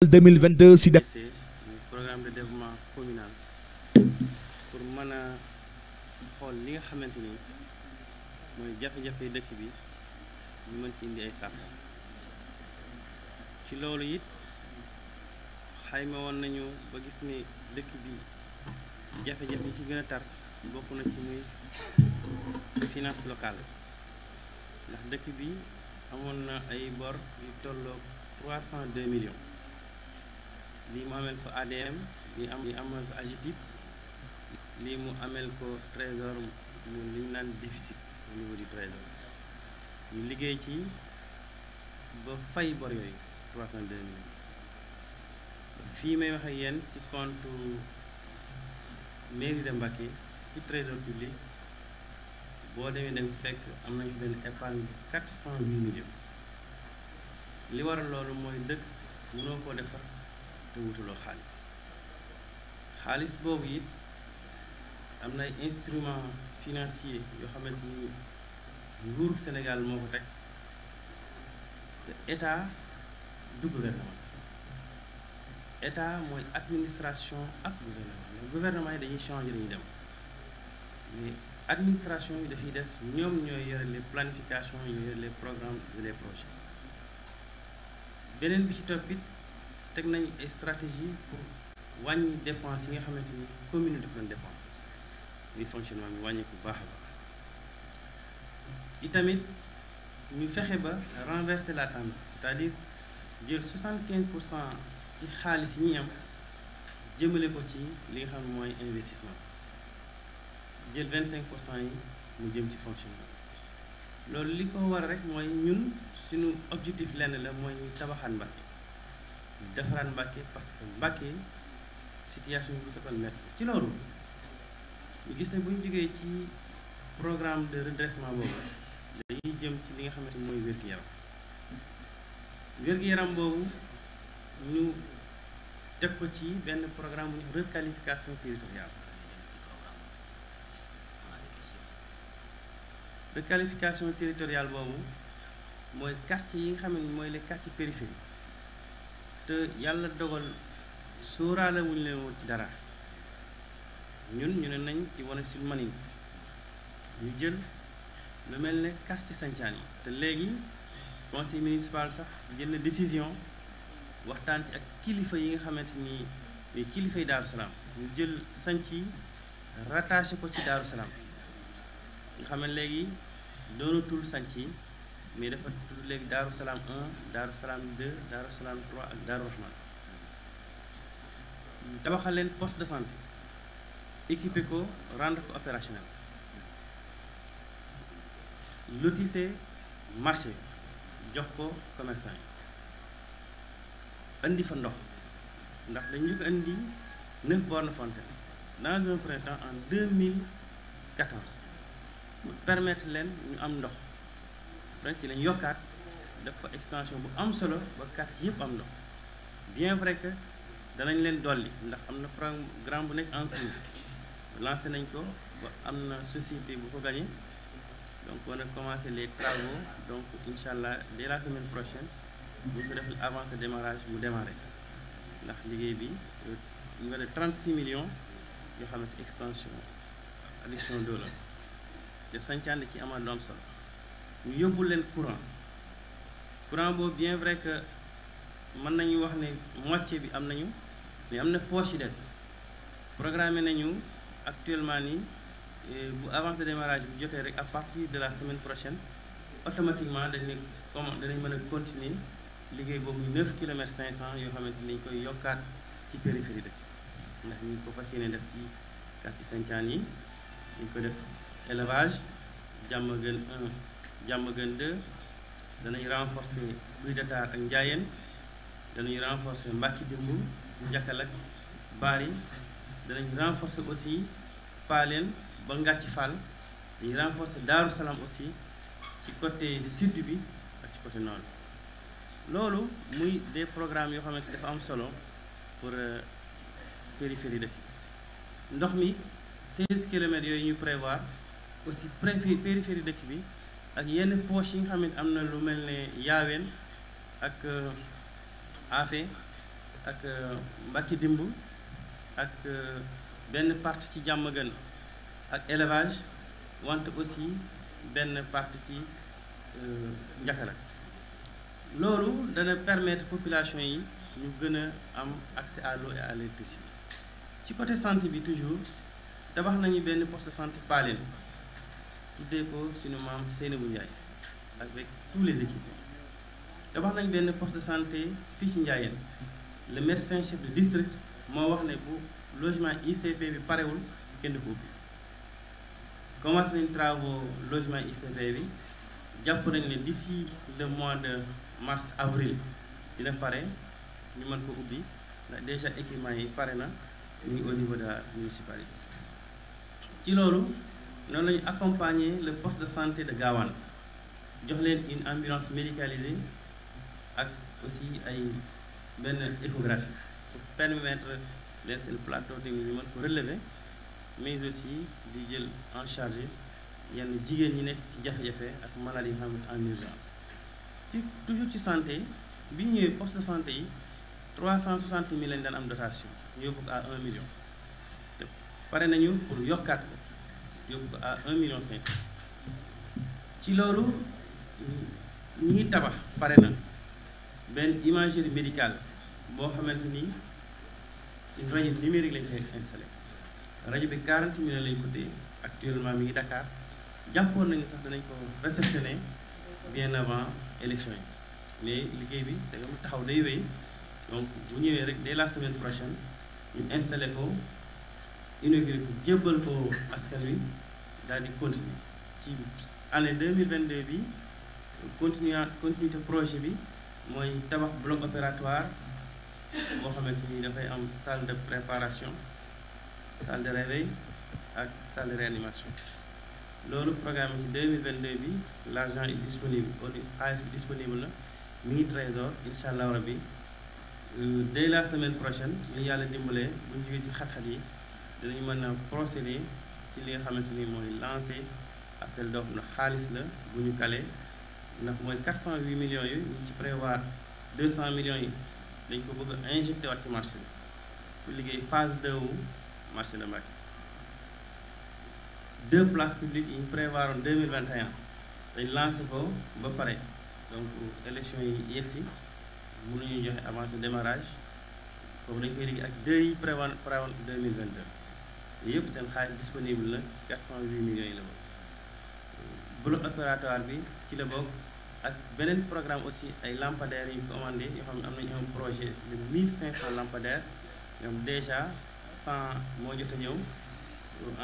2022 si def programme de développement communal pour mën a xool li nga xamante ni mooy jafe-jafe dëkk bi ñu mën ci indi ay saafara ci loolu it xayma woon nañu ba gis ni dëkk bi jafe-jafe yi ci gën a tar bokk na ci muy finance locale ndax dëkk bi amoon na ay bor yu tolloo 302 millions lii mu amel ko ADM lii am lii amal ko AGETIP lii mu amel ko trésor mu li naan déficit au niveau du trésor ñu liggéey ci ba fay bor yooyu fii may wax yenn ci compte mairie de Mbacké ci trésor public boo demee dem fekk am nañu benn épargne bi 408 millions li waral loolu mooy dëkk mënoo ko defar te wutuloo xaalis xaalis boobu it am na ay instrument financier yoo xamante ni nguuru Sénégal moo ko teg te état du gouvernement état mooy administration ak gouvernement mais gouvernement yi dañuy changer dañuy dem mais administration yi dafiy des ñoom ñooy yore les planifications ñooy yore les programmes et les projets beneen bi ci toppit teg nañu ay stratégie pour wàññi dépense yi nga xamante ni commune daf doon dépense muy fonctionnement bi wàññi ko bu baax a baax itamit ñu fexe ba renverser la tendance c'est-à-dire jël 75 pour cent ci xaalis yi ñi am jëmale ko ci li nga xam mooy investissement jël 25 pour cent yi mu jëm ci fonctionnement loolu li ko war rek mooy ñun suñu objectif lenn la mooy ñu tabaxaan Mbacké defaraat Mbàkke parce que Mbàkke situation bi dafa métti ci loolu ñu gis ne buñ ñu ci programme de redressement boobu dañuy jëm ci li nga xamante ni mooy wér-gu-yaram wér-gu-yaram boobu ñu teg ko ci benn programme bu requalification territoriale requalification teritoriale boobu mooy quartier yi nga xam ne mooy les quartiers périphériques te yàlla dogal sóoraale wuñu leen woon ci dara ñun ñu ne nañ ci wane sul ñu jël lu mel ni quartier sancaan yi te léegi conseil municipal sax jël na décision waxtaan ci ak kilifa yi nga xamante ni mais kilifa yi daaru salaam ñu jël sanc yi rattaché ko ci daaru salaam nga xam léegi doonatul sanc yi mais dafa tudd léegi daaru salaam 1 daaru salaam 2 daaru salaam 3 ak daaru rahman tabaxal leen poste de santé équipé ko rendre ko opérationnel lotissé marché jox ko commerçant yi indi fa ndox ndax dañu ko indi neuf bornes fontaine dans un printemps en 2014 pour permettre leen ñu am ndox ren ci lañ yokkaat fa extension bu am solo ba carte yëpp am ndox bien vrai que danañ leen dolli ndax am na programme bu nekk en lancé nañ ko ba am na société bu ko gagné donc on a commencé les travaux donc incha allah dès la semaine prochaine bu ñu defal avant que démarrage mu démarré ndax liggéey bi euh, ñu nga ne 36 millions yoo xam ne extension addiction d'eau la te sancaan ci amal lu am solo ñu yóbbu leen courant courant boo bien vrai que mën nañu wax ne moitié bi am nañu mais am na poche yu des programme nañu actuellement ni eh, bu avance de démarrage bi jotee rek à partir de la semaine prochaine automatiquement dañu comment danañ mën a continuer liggéey boobu 9 cinq cent yoo xamante ni dañ koy yokkaat ci périphérie dëkk ndax ñu ko fas yéene def ci quartier Santhiane yi ñu ko def élevage Diamaguène 1 Diamaguène 2 danañ renforcer Guy Dakar ak Ndiayène danañ renforcer Mbacké Démboul Njakal ak Bari danañ renforcer aussi Paleen ba Ngàcci Fall dañuy renforcer Daaru Salaam aussi ci côté sud bi ak ci côté noonu loolu muy des programmes yoo xamante dafa am solo pour euh, périphérie dëkk ndox mi 16 kilomètres yooyu ñu prévoir aussi préfet périphérie dëkk bi ak yenn poche yi nga xam ne am na lu mel ne yaaween ak euh, afe ak euh, mbakki dimb ak euh, benn partie ci jàmm gën ak élevage wante aussi benn partie ci njakalak loolu dana permettre population yi ñu gën a am accès à l'eau et à ci côté santé bi toujours tabax nañu benn poste de santé Paleen tuddee ko suñu maam Seynabou Ndiaye avec tous les équipes tabax nañ benn poste de santé fii ci Ndiayène le médecin chef de district moo wax ne bu logement ICP bi parewul kenn ko ubbi commencé nañ travaux logement ICP bi jàpp nañ ne d'ici le mois de mars avril dina pare ñu mën ko ubbi ndax déjà équipement yi pare na ñu au niveau de la municipalité ci loolu noonu la ñu accompagner le poste de santé de Gawane jox leen une ambulance médicalisée ak aussi ay benn échographie pour permettre leen seen plateau de ñu mën ko relever mais aussi di jël en charge yenn jigéen ñi nekk ci jafe-jafe ak maladie yi xam en urgence ci toujours ci santé bi ñu ñëwee poste de santé yi 360 000 lañ daan am dotation ñu yóbbu ko à 1 million te pare nañu pour yokkaat ko. yóbbu ko à un million cinq cent ci loolu ñi tabax pare na benn imagerie médicale boo xamante ni une rajo numérique lañ koy installé rajo bi 40 millions lañ ko actuellement mi ngi Dakar jàppoon nañu sax danañ ko réceptionné bien avant élection yi mais liggéey bi da nga mu taxaw day wéy donc bu ñëwee rek dès la semaine prochaine ñu installé ko inauguré ko jébbal ko askan wi daal di continuer ci année 2022 bi continuer continuité projet bi mooy tabax bloc opératoire boo xamante ni dafay am salle de préparation salle de réveil ak salle de réanimation loolu programme ci 2022 bi l' argent est disponible audi xaalis bi disponible na mi ngi trésor incha allah bi euh, dès la semaine prochaine li yàlla dimbalee bu ñu jógee ci xat-xat yi danañu mën a procéder ci li nga xamante ni mooy lancé appel d'offre na xaalis la bu ñu kale ndax mooy 408 million yi ñu ci prévoir cent millions yi dañ ko bëgg a injecté waat ci marché bi pour liggéey phase 2 wu marché de Mbacké deux places publiques yi ñu prévoir en 2021 dañ lancé ko ba pare donc élection yi yegg si ñuy joxe avant démarrage boobu dañ koy liggéey ak deux yi prévoir prévoir 2022 yëpp seen xaalis disponible la ci 408 millions yi la bokk bloc opératoire bi ci la bokk ak beneen programme aussi ay lampadaires yu ñu commandé yoo xam ne am nañu un projet de 1500 lampadaires ñoom déjà 100 moo jot a ñëw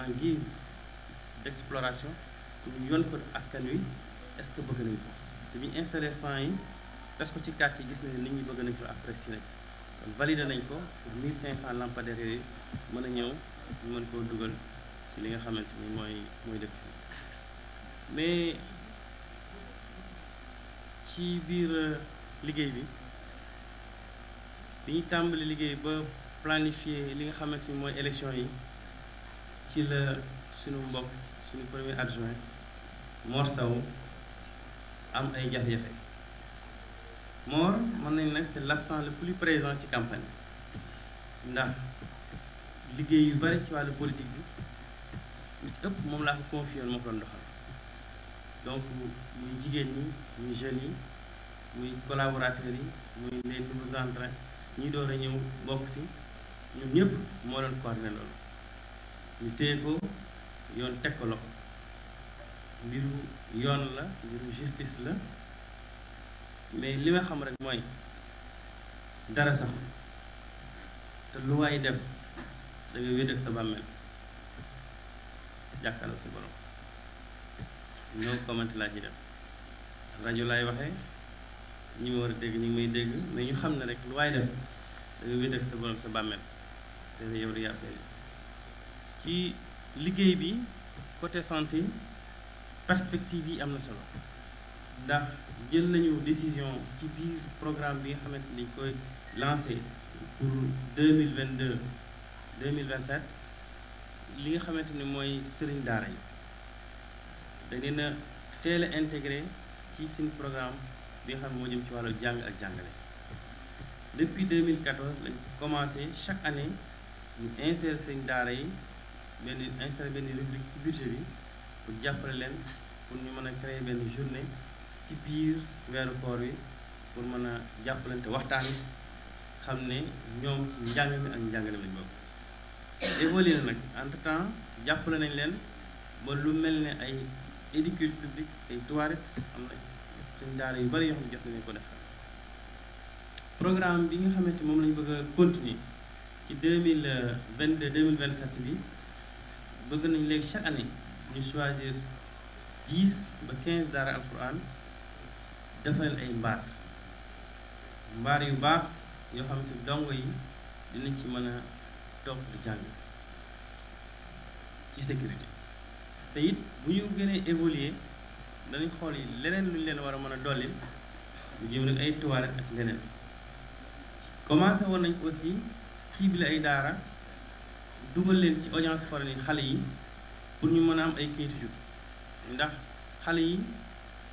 en guise d' exploration ñu yoon ko askan wi est ce que bëgg nañ ko te bu ñu installé 100 yi tas ko ci quartier gis nañ ne nit ñi bëgg nañ ko apprécié nañ kon validé nañ ko pour 1500 lampadaires yooyu mën a ñëw. ñu koo dugal ci li nga xamante ni mooy mooy dëkk mais ci biir euh, liggéey bi bi ñu tàmbali liggéey ba planifier li nga xamante ni mooy élection yi ci la sunu mbokk suñu premier adjoint Mor Sow am ay jafe-jafe Mor mën nañ nag c'est l'absent le plus présent ci campagne ndax liggéey yu bari ci wàllu politique bi lu ci ëpp moom laa ko confié woon ma ko doxal donc muy jigéen ñi muy jeunes yi muy collaborateurs yi muy les nouveaux entrants ñi door a ñëw bokk si ñoom ñëpp moo doon coordonné loolu ñu téye ko yoon teg ko mbiru yoon la mbiru justice la mais li ma xam rek mooy dara sax te lu waay def da ngay wéet ak sa bàmmeel jàkkaarloo sa borom ñoo commenté laa ci dem rajo lay waxe ñu ma war a dégg ñu ngi may dégg mais ñu xam na rek lu waay def da wéet ak sa borom sa bàmmeel te yow di yàppee ci liggéey bi côté santé perspective yi am na solo ndax jël nañu décision ci biir programme bi nga xamante ni koy lancé pour 2022 2027 li nga xamante ni mooy sëriñ daara yi da ngeen a teel a intégré ci seen programme bi nga xam moo jëm ci wàllu jàng ak jàngale depuis 2014 lañ commencé chaque année ñu insérer sëriñ daara yi benn insérer benn rubrique ci budget bi pour jàppale leen pour ñu mën a créer benn journée ci biir weeru koor wi pour mën a jàppalante waxtaan xam ne ñoom ci njàng mi ak njàngale lañ bokk évolué na nag entre temps jàppale nañ leen ba lu mel ni ay édicule publique ay toilettes am na suñ daara yu bari yoo xam ne jot nañu ko def programme bi nga xamante moom lañu bëgg a continuer ci deux mille vingt deux deux mille vingt sept bi bëgg nañ léegi chaque année ñu choisir dix ba quinze daara alquran defal ay mbaar mbaar yu baax yoo xamante dongo yi dinañ ci mën a toog di jàng ci sécurité te it bu ñu gënee évoluer danañ xool yi leneen lu ñu leen war a mën a dollil lu jëm rek ay toilettes ak leneen commencé woon nañ aussi cibler ay daara dugal leen ci audience foraine yi xale yi pour ñu mën a am ay kayitu juddu ndax xale yi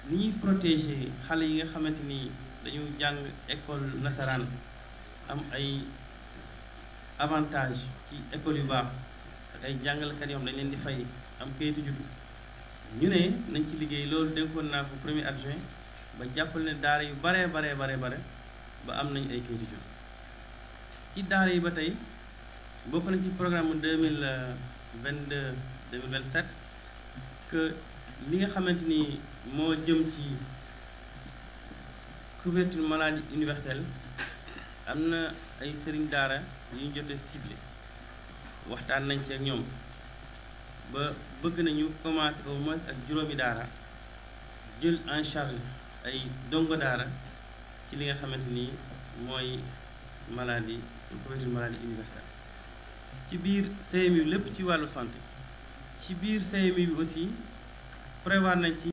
ni ñuy protéger xale yi nga xamante ni dañu jàng école nasaraan am ay avantage ci école yu baax ak ay jàngalekat yoo xam leen di fay am kayitu juddu ñu ne nañ ci liggéey loolu dénkoon naa fa premier adjoint ba jàppal ne daara yu baree baree baree bare ba am nañu ay kayitu juddu ci daara yi ba tey bokk na ci programme deux mille euh, vingt deux deux mille que li nga xamante ni moo jëm ci couverture maladie universelle am na ay sëriñ daara ñi ñu jotee ciblé waxtaan nañ ci ak ñoom ba bëgg nañu commencé au moins ak juróomi daara jël en charge ay dongo daara ci li nga xamante ni mooy maladie couverture maladie universelle ci biir CMU lépp ci wàllu santé ci biir CMU bi aussi prévoir nañ ci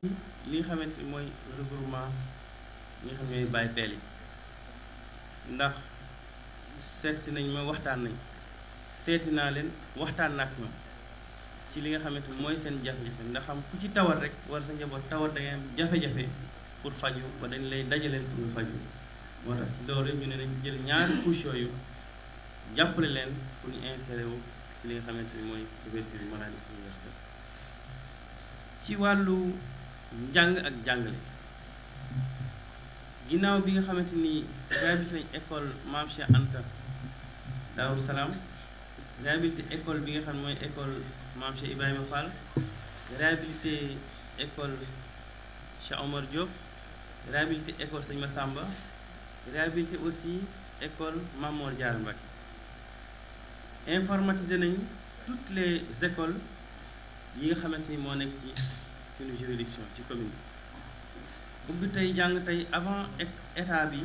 li nga xamante ni mooy regroupement ñi nga xam ne mooy bàyyi peel yi ndax seet si nañ ma waxtaan nañ seeti naa leen waxtaan naa ak ñoom ci li nga xamante mooy seen jafe-jafe ndax xam ku ci tawat rek war sa njaboot tawat da ngay am jafe-jafe pour faju ba dañ lay dajaleen pour nga faju moo tax ci loolu ñu ne dañ jël ñaari couche yooyu jàppale leen pour ñu insérer ci li nga xamante ni mooy couverture maladie universelle ci wàllu njàng ak jàngale ginnaaw bi nga xamante ni réhabilité nañ école Maam Cheikh Anta Daaru Salaam école bi nga xam mooy école Maam Cheikh Ibrahima Fall réhabilité école Cheikh Omar Diop réhabilité école ma sàmba réhabilité aussi école Mame Mor Diarra Mbacké informatisé nañ toutes les écoles yi nga xamante ni moo nekk ci suñu juridiction ci commune ubbi tey jàng tey avant état bi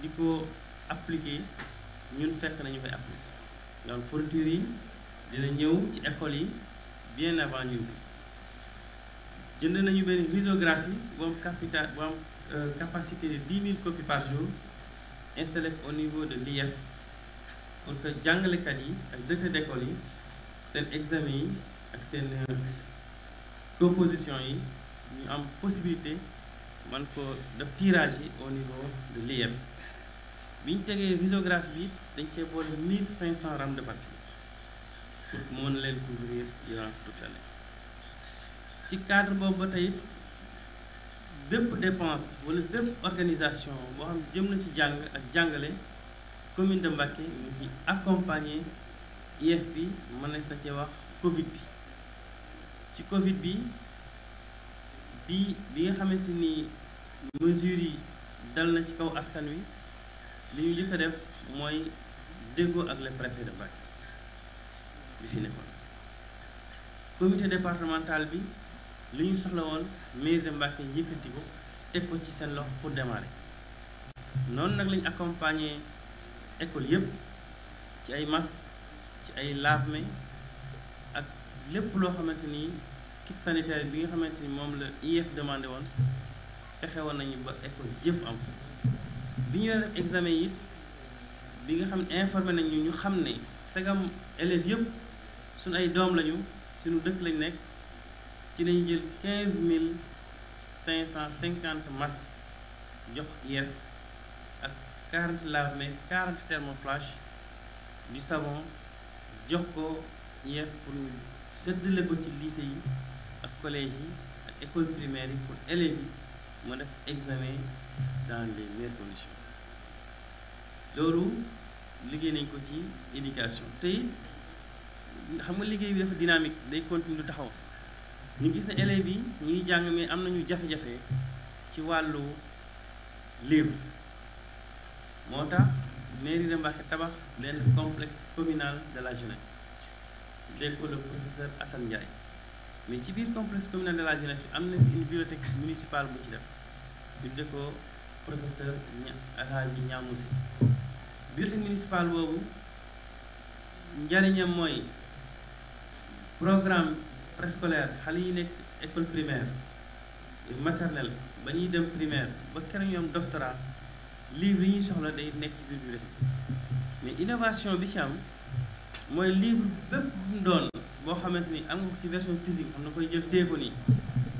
di ko appliquer ñun fekk nañu koy appliquer donc fourniture yi dina ñëw ci école yi bien avant ñun jënd nañu benn risographie bu am capital bu am euh, capacité de mille 000 copies par jour installé au niveau de l'IEF pour que jàngalekat yi ak directeur d'école yi seen examen yi ak seen euh, composition yi ñu am possibilité man ko def tirage yi au niveau de l'IEF bi ñu tegee risographie bi dañ cee boole 1500 rames de papier pour mu mën leen couvrir durant toute l'année ci cadre boobu ba tey bépp dépense wala dépp organisation boo xam jëm na ci jàng ak jàngale commune de Mbacké ñu ci accompagner IEF bi mën na sa cee wax Covid bi ci Covid bi bi bi nga xamante ni mesures yi dal na ci kaw askan wi li ñu njëkk def mooy déggoo ak le préfet de Mbacké bi fi nekkoon comité départemental bi li ñu soxla woon mairie de Mbacké yëkkati ko teg ko ci seen loxo pour démarrer noonu nag lañu accompagner école yëpp ci ay masques ci ay lave-mains ak lépp loo xamante ni kit sanitaire bi nga xamante ni moom la IEF demandé woon fexe woon nañu ba école yëpp am bi ñu def examen it bi nga xam ne informé nañ ñu ñu xam ne segam élèves yëpp suñu ay doom lañu suñu dëkk lañu nekk ci lañu jël quinze mille cinq cent cinquante masques jox IEF ak quarante larmes quarante thermoflash du savon jox ko IEF pour ñu ko ci lycée yi ak collège yi ak école primaire yi pour élèves yi. ma def examen dans les meilleures conditions loolu liggéey nañ ko ci éducation tey xam nga liggéey bi dafa dynamique day continuer taxaw ñu gis ne élèves bi ñu jàng mais am nañu jafe-jafe ci wàllu livre moo tax mairie de Mbacké tabax benn complexe communal de la jeunesse dégg ko le professeur Assane Ndiaye mais ci biir complexe communal de la jeunesse bi am na une bibliothèque municipale bu ci def tudde ko professeur Alhaji Ñaamusi bibliothèque municipale boobu njariñam mooy programme préscolaire xale yi nekk école primaire maternelle ba ñuy dem primaire ba kenn ñoom doctorat livre yi ñuy soxla day nekk ci biir bibliothèque mais innovation bi ci am mooy livre bépp mu doon boo xamante ni am nga ko ci version physique xam na koy jël téye ko nii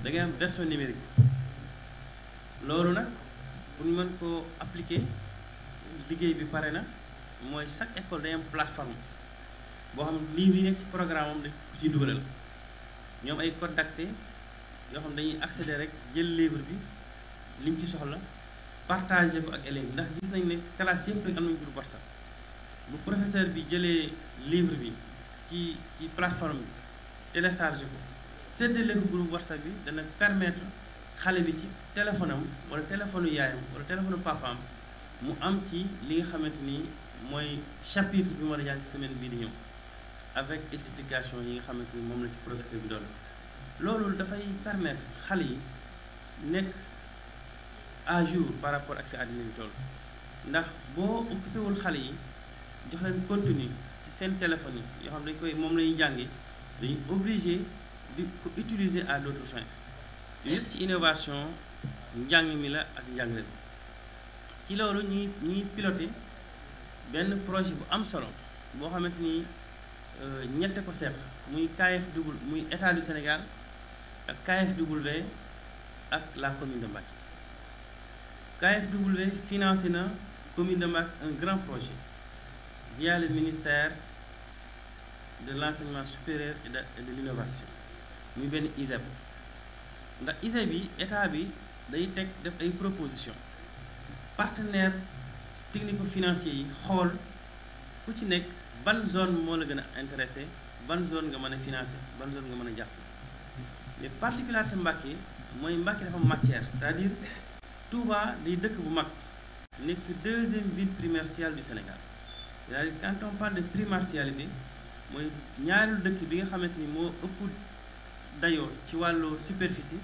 da ngay am version numérique loolu nag pour ñu mën koo appliquer liggéey bi pare na mooy chaque école day am plateforme boo xam ne livre yi nekk ci programme am dañ ko ciy ay code d'accès yoo dañuy accéder rek jël livre bi liñ ci soxla partagé ko ak élèves ndax gis nañ ne classe yëpp rek am nañ groupe WhatsApp bu professeur bi jëlee livre bi ci ci plateforme bi télécharge ko sedd ko groupe whatsapp bi dana permettre xale bi ci téléphone am wala téléphone yaayam wala téléphone papaam mu am ci li nga xamante ni mooy chapitre bi mu war a semaine bii di ñëw avec explication yi nga xamante ni moom la ci professeur bi doon loolu dafay permettre xale yi nekk à jour par rapport ak si àddina bi toll ndax boo occupé xale yi jox leen ci seen téléphone yi yoo xam ne dañ koy moom lañuy jàngi dañu obligé di ko utiliser à d'autres fins yëpp ci innovation njàng mi la ak njàngale ci loolu ñuy ñuy piloté benn projet bu am solo boo xamante ni euh, ñette ko seet muy KFW muy état du Sénégal ak KFW ak la commune de Mbacké KFW financé na commune de Mbacké un grand projet via le ministère de l'enseignement supérieur et de l'innovation muy benn ISEP ndax ISEP yi état bi day teg def ay proposition partenaire technique financier yi xool ku ci nekk ban zone moo la gën a intéressé ban zone nga mën a financé ban zone nga mën a jàpp mais particularité Mbàkke mooy Mbàkke dafa matière c'est-à-dire Touba day dëkk bu mag nekk deuxième ville commerciale du Sénégal c'est-à-dire quand on parle de primatialité mooy ñaareelu dëkk bi nga xamante ni moo ëpp dayoo ci wàllu superficie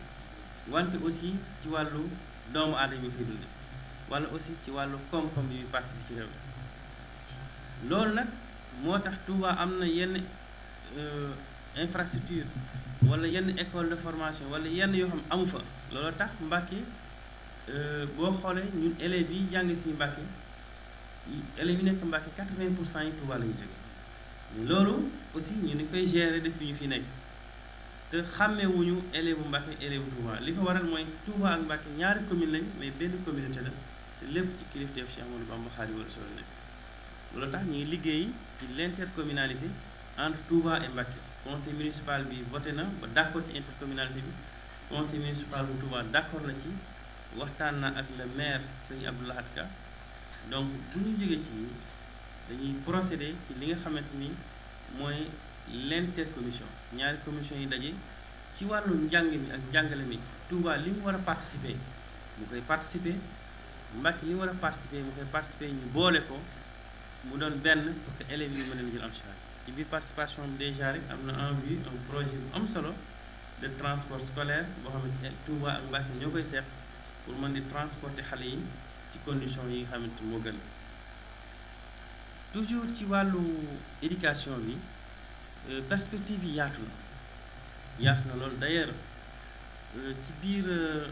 wante aussi ci wàllu doomu aadama yi fi dundee wala aussi ci wàllu koom-koom yi participe ci réew mi loolu nag moo tax Touba am na yenn euh, infrastructure wala yenn école de formation wala yenn yoo xam amu fa loolu tax Mbàkke euh, boo xoolee ñun élèves yi jàng si Mbàkke élèves yi nekk Mbàkke 80 pour cent yi Tuuba la ñu loolu aussi ñu ni koy gérer depuis ñu fi nekk te xàmmewuñu élève bu Mbàkke élève bu Tuuba li ko waral mooy Tuuba ak Mbàkke ñaari commune lañ mais benn communauté la te lépp ci kilifteef Cheikh Amadou Bamba Xaadimu Rasuul nekk loolu tax ñu ngi liggéey ci l'intercommunalité entre Touba et Mbacké conseil municipal bi voté na ba d'accord ci intercommunalité bi conseil municipal bu Touba d'accord na ci waxtaan na ak le maire sëñ Abdoulahat donc bu ñu jógee ci yi dañuy procéder ci li nga xamante ni mooy l'intercommission ñaari commission yi daje ci wàllu njàng mi ak njàngale mi Touba li mu war a participer mu koy participer Mbacké li mu war a participer mu koy participer ñu boole ko mu doon benn pour que élèves yi mën a jël en charge ci biir participation bi déjà rek am na en vue un projet bu am solo de transport scolaire boo xamante ne Touba ak Mbacké ñoo koy seet pour mën di transporter xale yi. ci condition yi nga xamante moo gën toujours ci wàllu éducation bi euh, perspective yi yaatu na yaatu na loolu d'ailleurs euh, ci biir euh,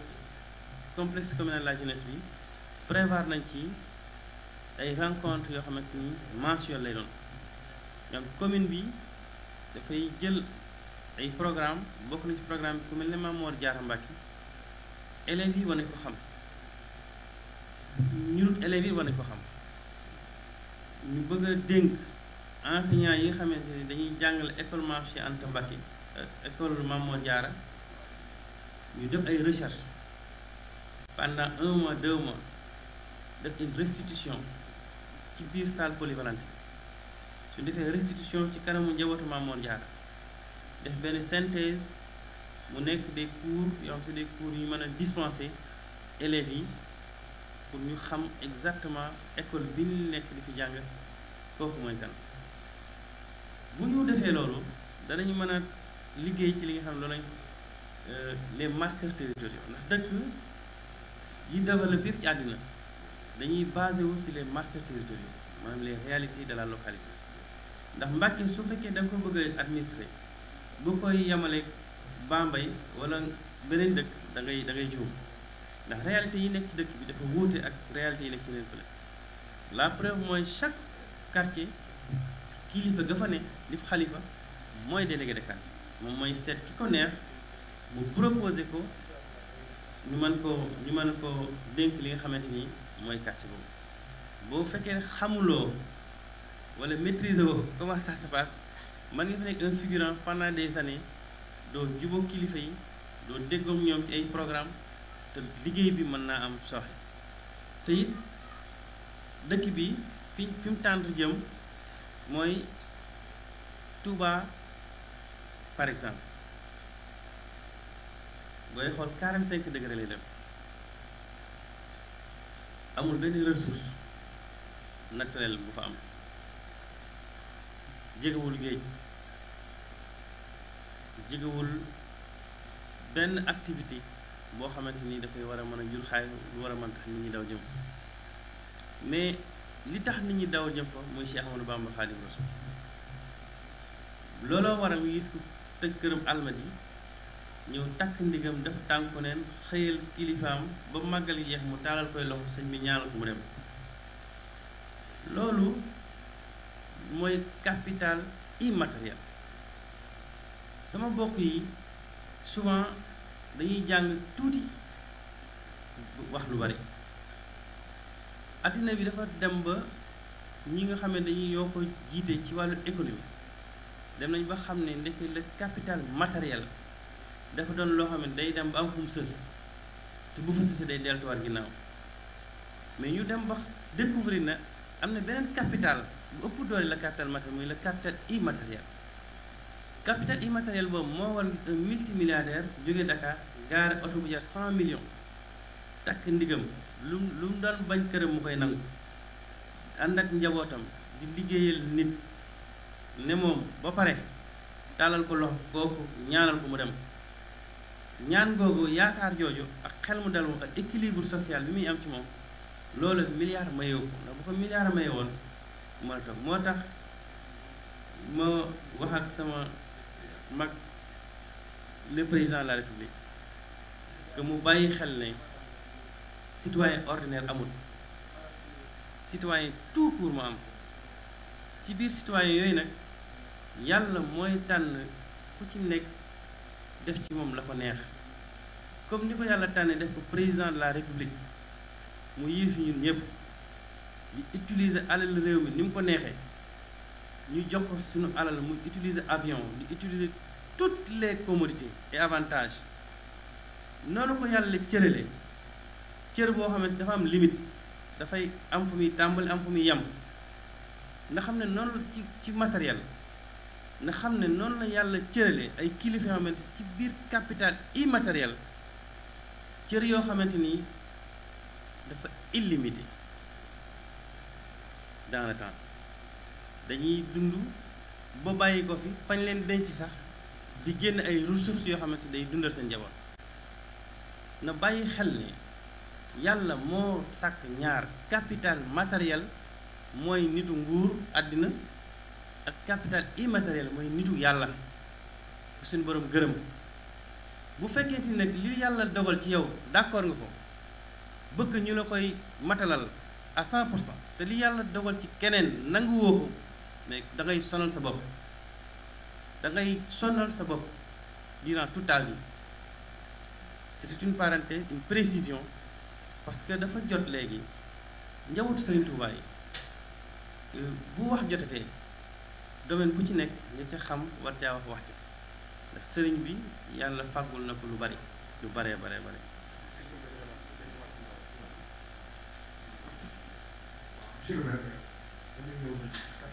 complexe communal de la jeunesse bi prévoir nañ ci ay rencontre yoo xamante ni mensuel lay doon donc commune bi dafay jël ay programme bokk na ci programme bi ku mel ne Maam Mor Jaara Mbàkke élèves wane ko xam ñun élèves yi war nañ ko xam ñu bëgg dénk enseignants yi nga xamante ni dañuy jàngale école Mame Cheikh Anta Mbacké euh, école Mame Mor ñu def ay recherche pendant un mois deux mois def une restitution ci biir salle polyvalente su defee restitution ci kanamu njabootu Mame Mor def benn synthèse mu nekk de cours yoo xam si des cours yu mën a dispenser élèves yi pour ñu xam exactement école bi ñu nekk di fi jàng kooku mooy kan bu ñu defee loolu danañu mën a liggéey ci li nga xam loolu euh, les marqueurs territoriaux ndax dëkk yi développé yëpp ci àddina dañuy basé wu sur les marqueurs territoriaux maanaam les réalités de la localité ndax Mbàkke su fekkee da nga ko bëgg a administrer bu koy yemale Bambey wala beneen dëkk da ngay juum ndax réalité yi nekk ci dëkk bi dafa wuute ak réalité yi nekk ci leen la preuve mooy chaque quartier kilifa ga fa ne di xalifa mooy délégué de quartier moom mooy seet ki ko neex mu proposé ko ñu mën ko ñu mën ko dénk li nga xamante ni mooy quartier boobu boo fekkee xamuloo walla maîtriser woo comment ça se passe man nga fa nekk un figurant pendant des années doo jubóo kilifa yi doo déggoom ñoom ci ay programme te liggéey bi mën naa am soxe te dëkk bi fi fi mu tànt mooy Touba par exemple booy xool 45 degré lay dem amul benn ressource naturelle bu fa am jegewul géej jegewul benn activité boo xamante ni dafay war a mën a jur xaay lu war a mën tax nit ñi daw jëm fa mais li tax nit ñi daw jëm fa mooy Cheikh Amadou Bamba Xaadimu Rasuul looloo a nga gis ko tëj këram almat yi ñëw takk ndigam def tànku neen xëyal kilifaam ba màggali jeex mu taalal koy loxo sëñ bi ñaanal mu dem loolu mooy capital immatériel sama bokk yi souvent dañuy jàng tuuti wax lu bari addina bi dafa dem ba ñi nga xam ne dañuy yoo ko jiite ci wàllu économie dem nañ ba xam ne ndekk le capital matériel dafa doon loo xam ne day dem ba am fu sës te bu fa sësee day deltuwaat ginnaaw mais ñu dem ba découvrir na am na beneen capital bu ëpp doole la capital matériel muy le capital immatériel capital immatériel boobu moo war gis un multimilliardaire jóge Dakar gaare oto bu jar cent takk ndigam lu lu mu doon bañ këram mu koy nangu ànd ak njabootam di liggéeyal nit ne moom ba pare tàllal ko loxo kooku ñaanal ko mu dem ñaan googu yaakaar jooju ak xel mu dal moom ak équilibre social bi muy am ci moom loolu milliard mayoo ko ndax bu ko milliard mayoo woon moo tax moo tax moo wax ak sama mag le président la république que mu bàyyi xel ne citoyen ordinaire amul citoyen tout pour mu am ci biir citoyen yooyu nag yàlla mooy tànn ku ci nekk def ci moom la ko neex comme ni ko yàlla tànnee def ko président la république mu yilif ñun ñëpp di utiliser alal réew mi ni mu ko neexee ñu jox ko suñu alal mu utiliser avion di utiliser toutes les commodités et avantages noonu ko yàlla cërale cër boo xam dafa am limite dafay am fu muy tàmbali am fu muy yem nga xam ne noonu la ci ci matériel nga xam ne noonu la yàlla cërale ay kilifa yoo ci biir capital immatériel cër yoo xamante ni dafa illimité dans le temps dañuy dund ba bàyyi ko fi fañ leen denc sax di génn ay ressources yoo xamante day dundal seen njaboot na bàyyi xel ne yàlla moo sàkk ñaar capital matériel mooy nitu nguur àddina ak capital immatériel mooy nitu yàlla bu seen borom gërëm bu fekkente nag li yàlla dogal ci yow d'accord nga ko bëgg ñu la koy matalal à 100 pour cent te li yàlla dogal ci keneen nanguwoo ko mais da sonal sa bopp da ngay sonal sa bopp durant toute ta vie c'est une parenthèse une précision parce que dafa jot léegi njabootu Serigne Touba euh, bu wax jotatee domaine bu ci nekk nga ca xam war wax wax ci ndax sëriñ bi yàlla fàggul na ko lu bari lu baree baree bare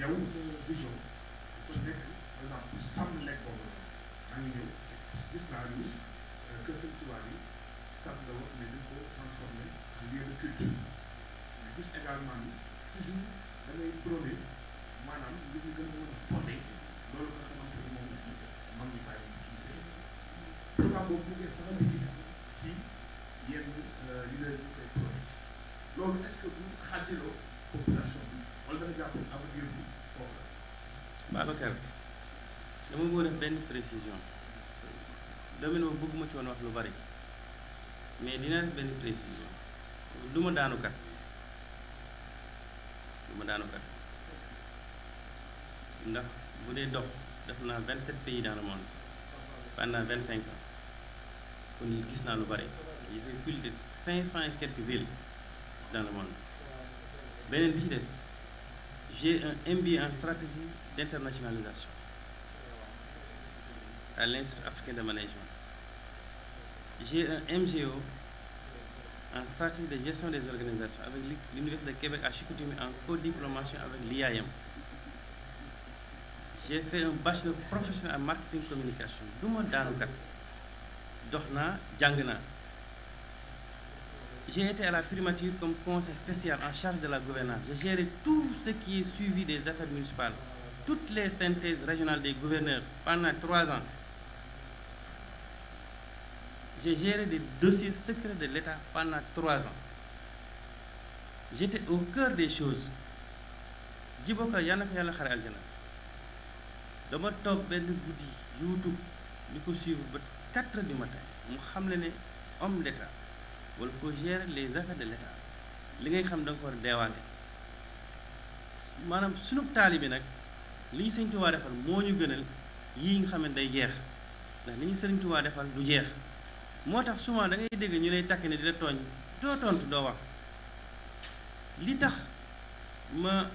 yow sa vision dafa nekk par exemple pour sàmm lekk boobu la maa ngi ñëw parce que gis naa ni euh, kër sëñ Tuubaa yi sàmm la ko transformé en lieu culture mais gis également ni toujours da ngay maanaam li ñu gën a mën a formé loolu nga xamante ni moom la fi mag ñi bàyyi programme boobu mu ngi faral di gis si yenn euh, leader yi ñu koy prôné loolu est que bu xaajaloo population bi Babacar dama bëgg def benn précision domaine boobu bëgguma ci woon wax lu bari mais dina def benn précision du ma daanukat du ma daanukat ndax bu dee dox def naa 27 pays dans le monde pendant 25 ans kon gis naa lu bari j'ai fait plus de 500 et quelques dans le monde beneen bi ci des. j'ai un MBA en stratégie d'internationalisation à l'Institut africain de management. J'ai un MGO en stratégie de gestion des organisations avec l'Université de Québec à en co-diplomation avec l'IAM. J'ai fait un bachelor professionnel en marketing communication. du ma daanu kat dox naa jàng naa. j'ai été la primature comme conseil spécial en charge de la gouvernance. J'ai géré tout ce qui suivi des affaires municipales, toutes les synthèses régionales des gouverneur pendant trois ans. J'ai géré des dossiers secrets de l'État pendant trois ans. J'étais au cœur des choses. Djibo Ka yal na ko yàlla xare aljana dama toog benn guddi YouTube li ko suivre ba 4 heures du matin mu xam ne ne homme d'État wala ko les affaires de l'État li ngay xam da nga ko war a deewaale maanaam sunu taalibe nag li ñu Sëriñ Tuubaa defal moo ñu gënal yii nga xam ne day jeex ndax li ñu Sëriñ Tuubaa defal du jeex moo tax souvent da ngay dégg ñu lay takk ne di la tooñ doo tontu doo wax li tax ma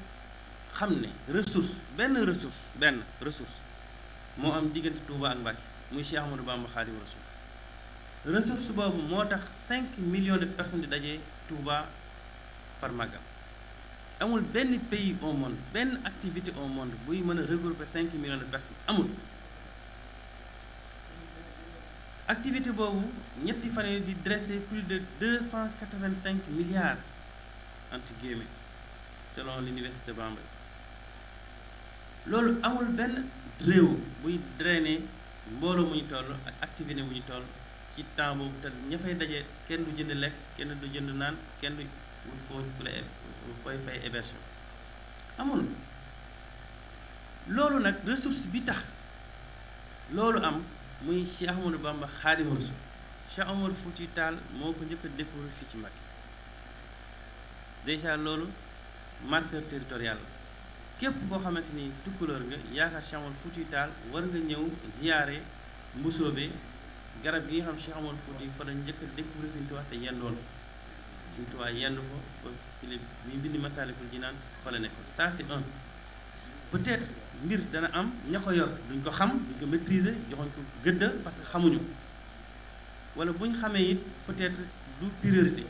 xam ne ressource benn ressource benn ressource moo am diggante Touba ak Mbàkke muy Cheikh Ahmadou Bamba Xaadimu Rasuul ressource boobu moo tax 5 millions de personnes di daje Touba par Magal amul benn pays au monde benn activité au monde buy mën a regrouper 5 millions de personnes amul activité boobu ñetti fan di dresser plus de 285 milliards entre guillemets selon l'université Bambey loolu amul benn réew buy drainer mbooloo mu ñu toll ak activité bu ñu toll ci temps boobu te ña fay daje kenn du jënd lekk kenn du jënd naan kenn du wut foo la koy amul loolu nag ressource bi tax loolu am muy Cheikh Ahmadou Bamba Xaadimu Rasuul ci Omar Fouti Tall moo ko njëkk a fii ci Mbacké dèjà loolu marqueur teritorial képp koo xamante ni tukkulóor nga yaakaar Cheikh Omar Fouti taal war nga ñëw ziyaare Mbusoobe garab gi nga xam Cheikh Omar Fouti fa lañ njëkk a découvrir te yendoon fa Sëñ Tuubaa yendu fa ba ci li bii bind Masaalikul Jinaan fa la nekkoon ça c'est un peut-être mbir dana am ña ko yor duñ ko xam duñ ko maîtriser joxoñ ko gëdda parce que xamuñu wala buñ xamee it peut-être du priorité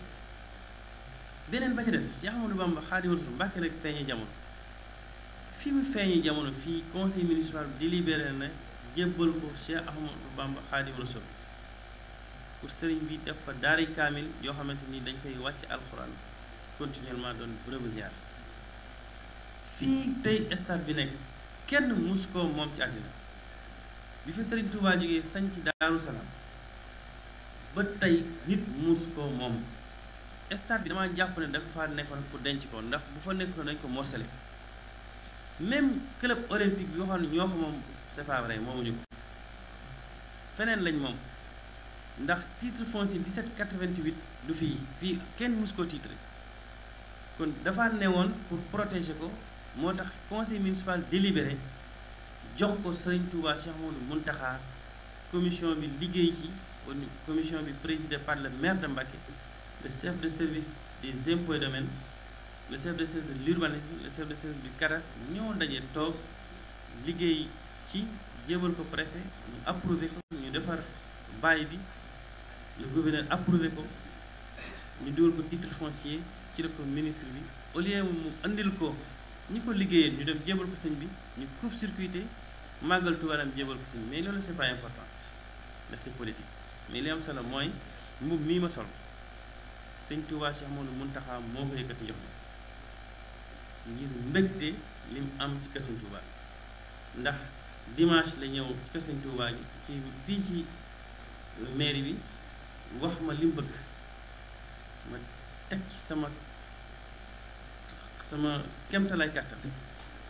beneen ba ci des Cheikh Ahmadou Bamba Xaadimu Rasuul Mbàkke rek feeñi jamono fi mu feeñi jamono fii conseil municipal bi délibéré na jébbal ko Cheikh Ahmadou Bamba Xaadimu Rasuul pour sëriñ bi def fa daaray kaamil yoo xamante ni dañ fay wàcc alxuraan continuellement doon bërëbu ziar fii tey stade bi nekk kenn mus koo moom ci àddina bi fa sëriñ Touba jógee sañ ci Daaru Salaam ba tey nit mus koo moom stade bi damaa jàpp ne dafa faa nekkoon pour denc ko ndax bu fa nekkoon dañ ko morcelé même club olympique bi waxoon ñoo ko moom moomuñu ko feneen lañ moom ndax titre foncier 1788 du fii fii kenn mus ko titre kon dafa newoon pour protéger ko moo tax conseil municipal délibéré jox ko Serigne Touba Cheikh Mouhamadou Mountakha commission bi liggéey ci commission bi présidée par le maire de Mbacké le chef de service des impôts et domaines le chef de service de l'urbanisme le chef de service du CARAS ñoo daje toog liggéey ci jébal ko préfet ñu approuvé ko ñu defar bail bi le gouverneur approuvé ko ñu dugal ko titre foncier ci la ko ministre bi au lieu mu andil ko ñi ko liggéeyee ñu dem jébal ko sëñ bi ñu coupe circuité màggal Tuubaa dem jébal ko sëñ bi mais loolu c'est pas important ndax c'est politique mais li am solo mooy mbub mii ma sol sëñ Tuubaa Cheikh Mouhamadou Mountakha moo ko yëkkati jox ma ngir mbégte li am ci kër sëñ Tuubaa ndax dimanche la ñëw ci kër sëñ Tuubaa gi ci fii ci mairie bi wax ma li mu bëgg ma teg ci sama sama kemtalaay kàttan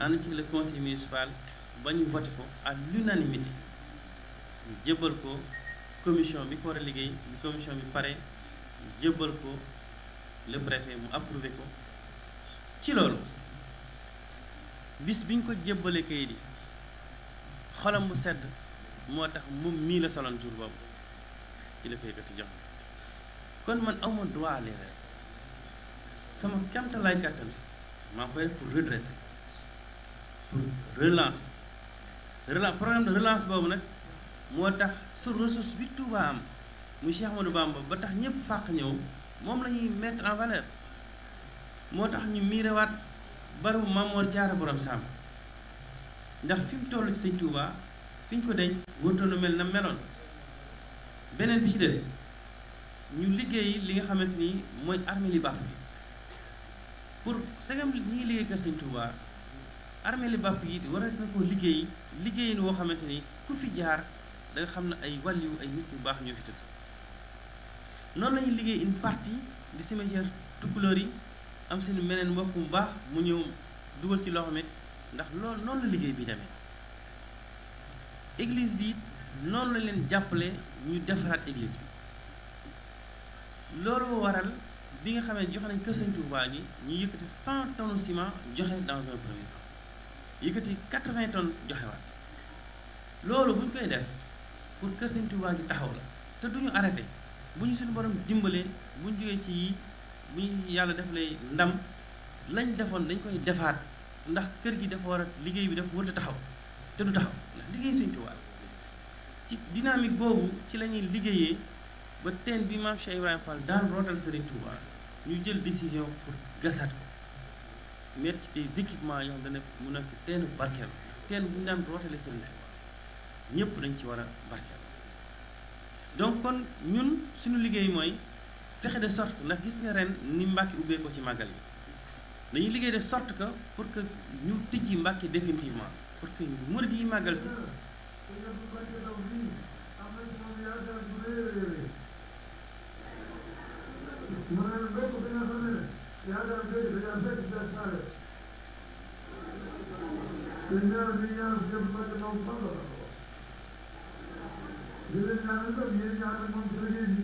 ànd ci le conseil municipal ba ñu voté ko à l'unanimité ñu jébbal ko commission bi ko war liggéey bi commission bi pare jébbal ko le mu approuvé ko ci loolu bis bi ñu ko jébbalee kayit yi xolam mu sedd moo tax moom mii la soloon jour boobu kilifay kati jox kon man awma droit leeral sama kemtalaay kàttan maa koy pour redresser pour relancer relance programme de relance boobu nag moo tax su ressource bi Touba am mu Cheikh Ahmadou Bamba ba tax ñëpp fàq ñëw moom lañuy mett en valeur moo tax ñu miirewaat barabu Mamoor Jaara borom sàmm ndax fi mu toll ci sëñ Touba fi ñu ko denc wërtoonu mel na meloon beneen bi ci des ñu liggéey li nga xamante ni mooy armée li bàpp bi pour segam ñi ngi liggéey ko Sëñ Tuubaa armée li bàpp yi war na ko liggéey liggéey liggéeyin woo xamante ni ku fi jaar da xam na ay wàlliw ay nit ñu baax ñoo fi tëdd noonu lañuy liggéey une partie di cimetière Tukulóor yi am seen meneen mbokk mu baax mu ñëw dugal ci loxo mi ndax loolu noonu la liggéey bi tamit église bi noonu lañ leen jàppale ñuy defaraat église bi loolu waral bi nga xamee joxe nañ kër Sëñ Tuubaa gi ñu yëkkati 100 tonnes ciment joxe dans un premier temps yëkkati 80 tonnes joxe waat loolu bu ñu koy def pour kër Sëñ Tuubaa gi taxaw la te du ñu arrêté bu ñu suñu borom dimbalee bu ñu jógee ci yii bu ñu yàlla def lay ndam lañ defoon dañ koy defaat ndax kër gi dafa war a liggéey bi def wër a taxaw te du taxaw liggéey Sëñ Tuubaa ci dynamique boobu ci lañuy liggéeyee ba teen bi maam Cheikh Ibrahima Fall daan rootal Serigne Touba ñu jël décision pour gasat ko mettre ci des équipements yoo xam dana mu nekk teenu barkeel teen bu ñu daan rootale Serigne Touba ñëpp dañ ci war a barkeel donc kon ñun suñu liggéey mooy fexe de sorte ko ndax gis nga ren ni Mbàkke ubbee ko ci màggal yi dañuy liggéey de sorte que pour que ñu tijji Mbàkke définitivement pour que murid yi màggal si te ñoom su fekkee ñoom ñii am nañ ci moom yaakaar bu rëy mu ne mbéy mi nga xam ne yaakaar béy dañoo fekk des xaale te ñaar bi ñaar jëm ba te moom fan la di leen ñaanal nag yéen ñaanal moom ci liggéey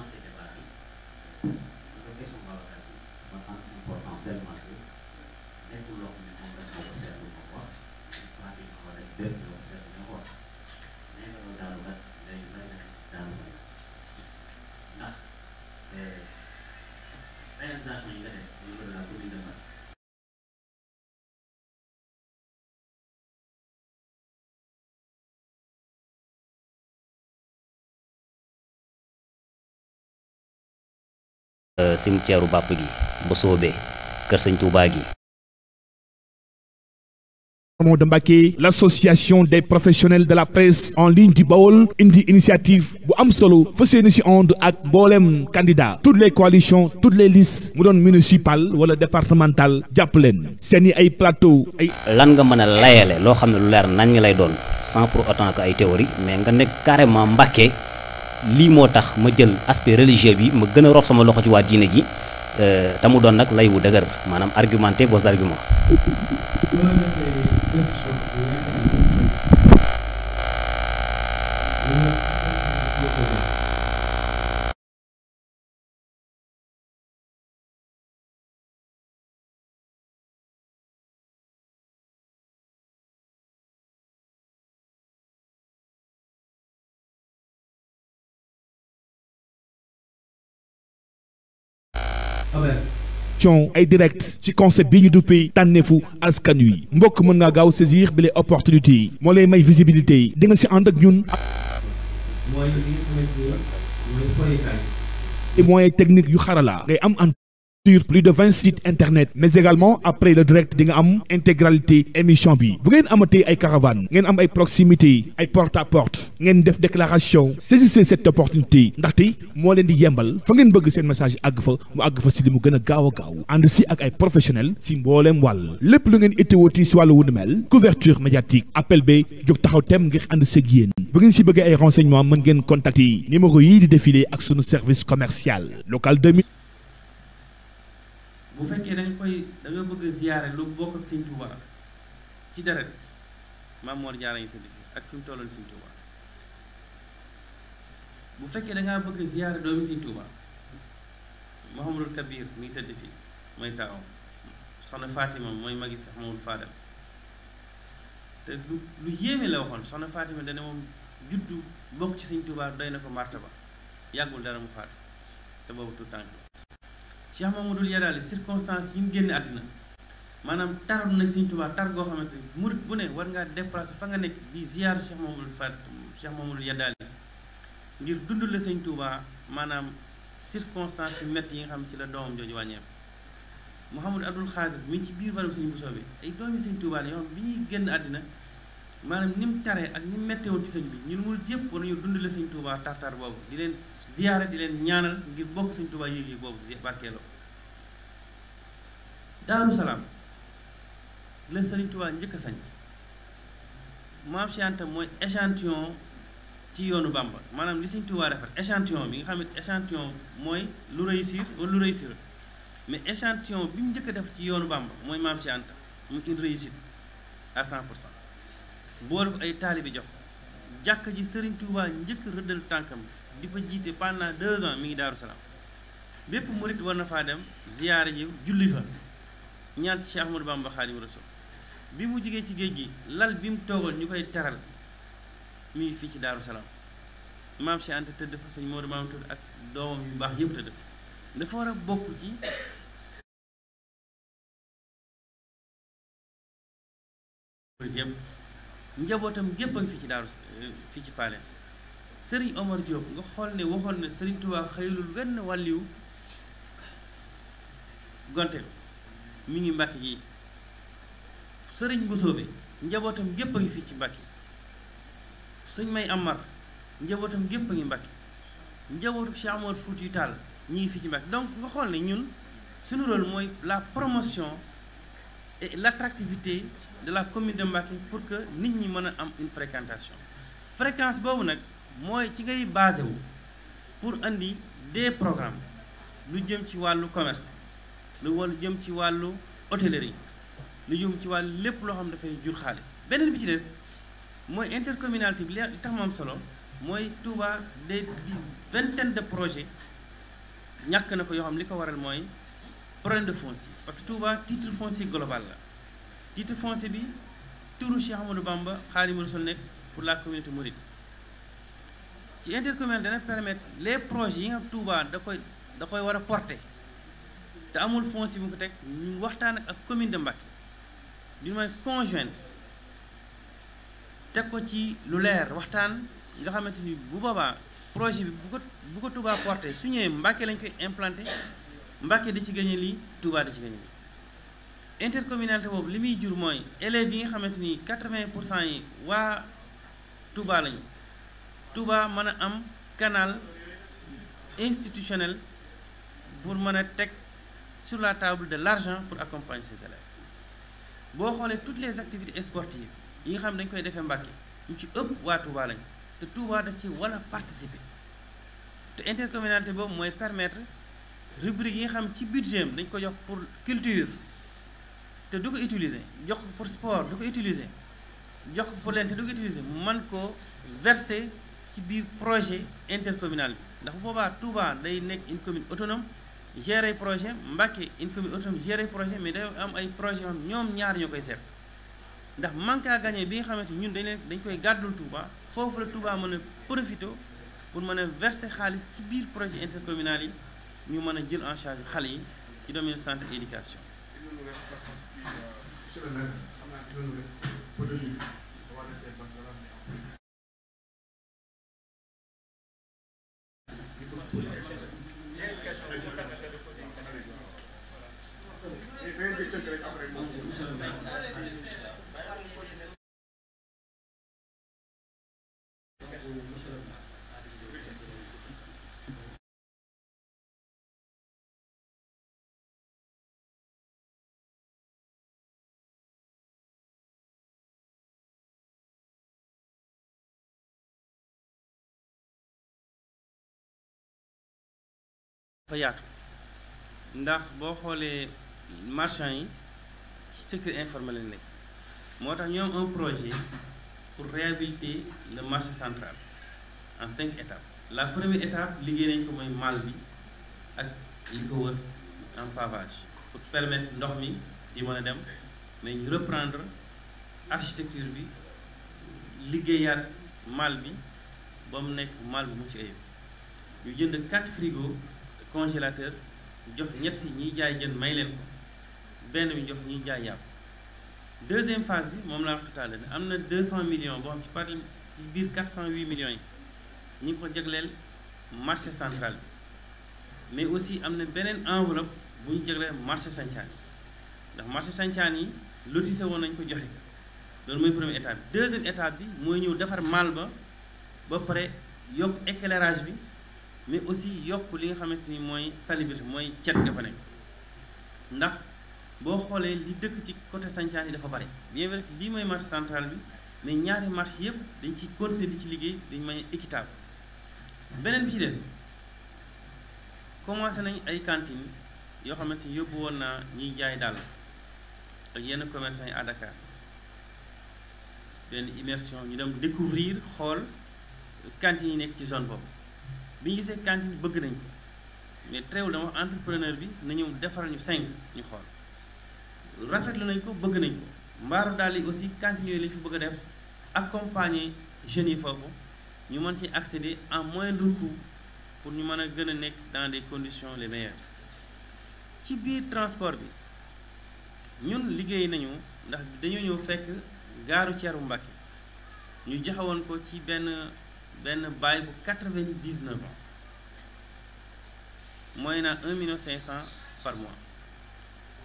enseignement bi bu ko question Babacar bi ma am importance tellement Euh, cimetière u bàpp gi ba soobee kër sëñ Tuubaa gi Mamadou Mbacké l'association des professionnels de la presse en ligne du Baol indi initiative bu am solo fa seeni si onde ak mboolem candidat toutes les coalitions toutes les listes mu doon municipal wala départemental jàpp leen seeni ay plateau ay lan nga mën layale loo xam ne lu leer nañ lay doon sans pour autant que ay théorie mais nga nekk carrément Mbacké lii moo tax ma jël aspect religieux bi ma gën a rof sama loxo ci waa diine ji euh, te mu doon nag lay wu dëgër maanaam argumenté vos arguments action ay direct ci concept bi ñu duppee tànneefu askan wi mbokk mën ngaa gaaw saisir bi les yi moo lay may visibilité yi di nga si ànd ak ñun mooy technique yu xarala ngay am sur plus de vingt sites internet mais également après la direct dinga am intégralité émission bi bu ngeen amatee ay caravane ngeen am ay proximité ay porte à porte ngeen def déclaration saisissez cette opportunité ndaxte moo leen di yembal fa ngeen bëgg seen message àgg fa mu àgg fa si li mu gën a gaaw a gaaw ànd si ak ay professionnel si mbooleem wàll lépp lu ngeen ittewooti si wàll wundu mel couverture médiatique appel ba jóg taxaw tem ngir ànd seeg yéen bu ngeen si bëggee ay renseignements mën ngeen contacter numéro yii di défilé ak sunu service commercial local 2000 bu fekkee dañ koy da bëgg ziyaare lu bokk ak Sëñ ci deret Maam Mor Jaara ngi tudd ci ak fi mu tolloon Sëñ Tuuba bu fekkee da bëgg ziyaare doomi Sëñ Tuuba Mouhamadul Kabir mi ngi tëdd fii mooy taawam soxna Fatima mooy magi sax moom Fadal te lu lu yéeme la waxoon soxna Fatima dana moom juddu bokk ci Sëñ Tuuba doy na ko martaba yàggul dara mu faatu te boobu tout tànk Cheikh Mamadou Yadaali circonstance yi mu génn àddina maanaam taroon na Sëriñ Tuubaa tar goo xamante ni murit bu ne war ngaa déplacé fa nga nekk di ziar Cheikh Mamadou Fat Cheikh Mamadou Yadaali ngir dund la Sëriñ Tuubaa maanaam circonstance yu métti yi nga xam ci la doomam jooju wàññeeku Mouhamadou Abdoul Khadir mi ci biir barab Sëriñ Bousso bi ay doomi Sëriñ Tuubaa la yoo bi ñuy génn àddina maanaam ni mu taree ak ni mu méttee ci sëñ bi ñun murit yëpp war nañu dund la Sëriñ Tuubaa tar boobu di leen ziyaara di leen ñaanal ngir bokk Sëñ Tuubaa yéeg yi boobu barkeeloo Daaru Salaam la Sëriñ Tuubaa njëkk a sanc Maam Cheikh Anta mooy échantillon ci yoonu Bàmba maanaam li Sëñ Tuubaa defar échantillon bi nga xam ne échantillon mooy lu réussir wala lu réussir mais échantillon bi mu njëkk a def ci yoonu Bàmba mooy Maam Cheikh Anta mu une réussite à 100 pour cent boole ko ay taalibi jox jàkk ji Sëriñ Tuubaa njëkk rëddal tànkam di fa jiite pendant deux ans mi ngi daaru salaam bépp murit war na faa dem ziyaara ji julli fa ñaan ci Cheikh Ahmadou Bamba Xaadimu Rasuul bi mu jigee ci géej gi lal bim mu ñu koy teral mi ngi fii ci daaru salaam maam si Anta tëdd fa sëñ Modou maam ak doomam yu baax yëpp tëdd fa dafa war a bokk ci jëpp njabootam gépp a ngi eh, fii ci daaru fii ci Paleen sëriñ Omar Diop nga xool ne waxoon ne sëriñ Tuubaa xëylul benn wàlliw gonte mi ngi mbàkk gi sëriñ Mbusoobe njabootam gépp a ngi fii ci mbàkk yi sëñ May mar njabootam gépp a ngi mbàkk njabootu Cheikh Amar Fuuti Taal ñi ngi fii ci mbàkk donc nga xool ne ñun sunu rôle mooy la promotion et tractivité de la commune de Mbacké pour que nit ñi mën a am une fréquentation fréquence boobu nag mooy ci ngay basé wu pour indi de programmes lu jëm ci wàllu commerce lu wàllu jëm ci wàllu hôtellerie lu jëm ci wàllu lépp loo xam dafay jur xaalis beneen bi ci des mooy intercommunalité bi li tax moom solo mooy de di vingtaine de projet ñàkk na ko yoo xam li ko waral mooy problème de foncier parce que Touba titre foncier global la titre foncier bi turu Cheikh Amadou Bamba Xaadimu sol nekk pour la communauté mouride ci intercommunal dana permettre les projets yi nga xam da koy da war a porter te amul fonds si mu ko teg ñu waxtaan ak commune de Mbacké d'une manière conjointe teg ko ci lu leer waxtaan nga xamante ni bu boobaa projet bi bu ko bu ko Touba porté su ñëwee Mbacké lañ koy implanté Mbacké di ci gagné lii Touba di ci gagné lii intercommunalité boobu li muy jur mooy élèves yi nga xamante ni 80 pour cent yi waa Touba lañu. Touba mën a am canal institutionnel pour mën a teg sur la table de l'argent pour accompagner ses élèves boo xoolee toutes les activités sportives yi nga xam dañ koy defee Mbàkke ñu ci ëpp waa Touba lañ te Touba da ci wala participer te intercommunalité boobu mooy permettre rubrique yi nga xam ci budget dañ ko jox pour culture te du ko utiliser jox ko pour sport du ko utiliser jox ko pour leen te du ko utiliser man ko verser ci biir projet intercommunal bi ndax boobaa Touba day nekk une commune autonome gérer projet Mbacké une commune autonome gérer projet mais day am ay projet am ñoom ñaar ñoo koy seet ndax manque à bi nga xamante ñun dañ leen dañ koy gàddul Touba foofu la Touba mën a profité pour mën a verser xaalis ci biir projet intercommunal yi ñu mën a jël en charge xale yi ci domaine santé éducation. dafa yaatu ndax boo xoolee marchand yi ci secteur informel lañ nekk moo tax ñoom un projet pour réhabiliter le marché central en cinq étapes la première étape liggéey nañ ko mooy mal bi ak li ko wër en pavage pour permettre ndox mi di mën a dem mais ñu reprendre architecture bi liggéeyaat mal bi ba mu nekk mal bu mucc ayib ñu jënd quatre frigo congélateur jox ñett ñiy jaay jën may leen ko benn bi jox ñuy jaay yàpp deuxième phase bi moom laa wax tout à am na deux cent million boo xam ci par ci biir 408 millions yi ñi ko jagleel marché central bi mais aussi am na beneen enveloppe bu ñu jagleel marché sancaan ndax marché sancaan yi lotissé woon nañ ko joxe loolu mooy première étape deuxième étape bi mooy ñëw defar mal ba ba pare yokk éclairage bi mais aussi yokk li nga xamante ni mooy salubrité mooy cet ga fa nekk ndax boo xoolee li dëkk ci côté sancaan yi dafa bari bien vrai que mooy marché central bi mais ñaari marché yëpp dañ ci continuer di ci liggéey dañ may équitable beneen bi ci des commencé nañ ay cantines yoo xamante ni yóbbu woon naa ñuy jaay dàll ak yenn commerçant yi à Dakar benn immersion ñu dem découvrir xool cantines yi nekk ci zone boobu bi ñu gisee cantine bëgg nañ ko mais teewul dama entrepreneur bi na ñëw defaral ñu cinq ñu xool rafetlu nañ ko bëgg nañ ko mbaaru daal aussi cantine yooyu lañ fi bëgg a def accompagner jeunes yi foofu ñu mën ci accéder en moindre coût pour ñu mën a gën a nekk dans des conditions les meilleures ci biir transport bi ñun liggéey nañu ndax dañoo ñëw fekk gaaru ceeru Mbàkke ñu joxewoon ko ci benn benn baay bu quatre-vingt-dix-neuf ans mooy naa un million cinq cent par mois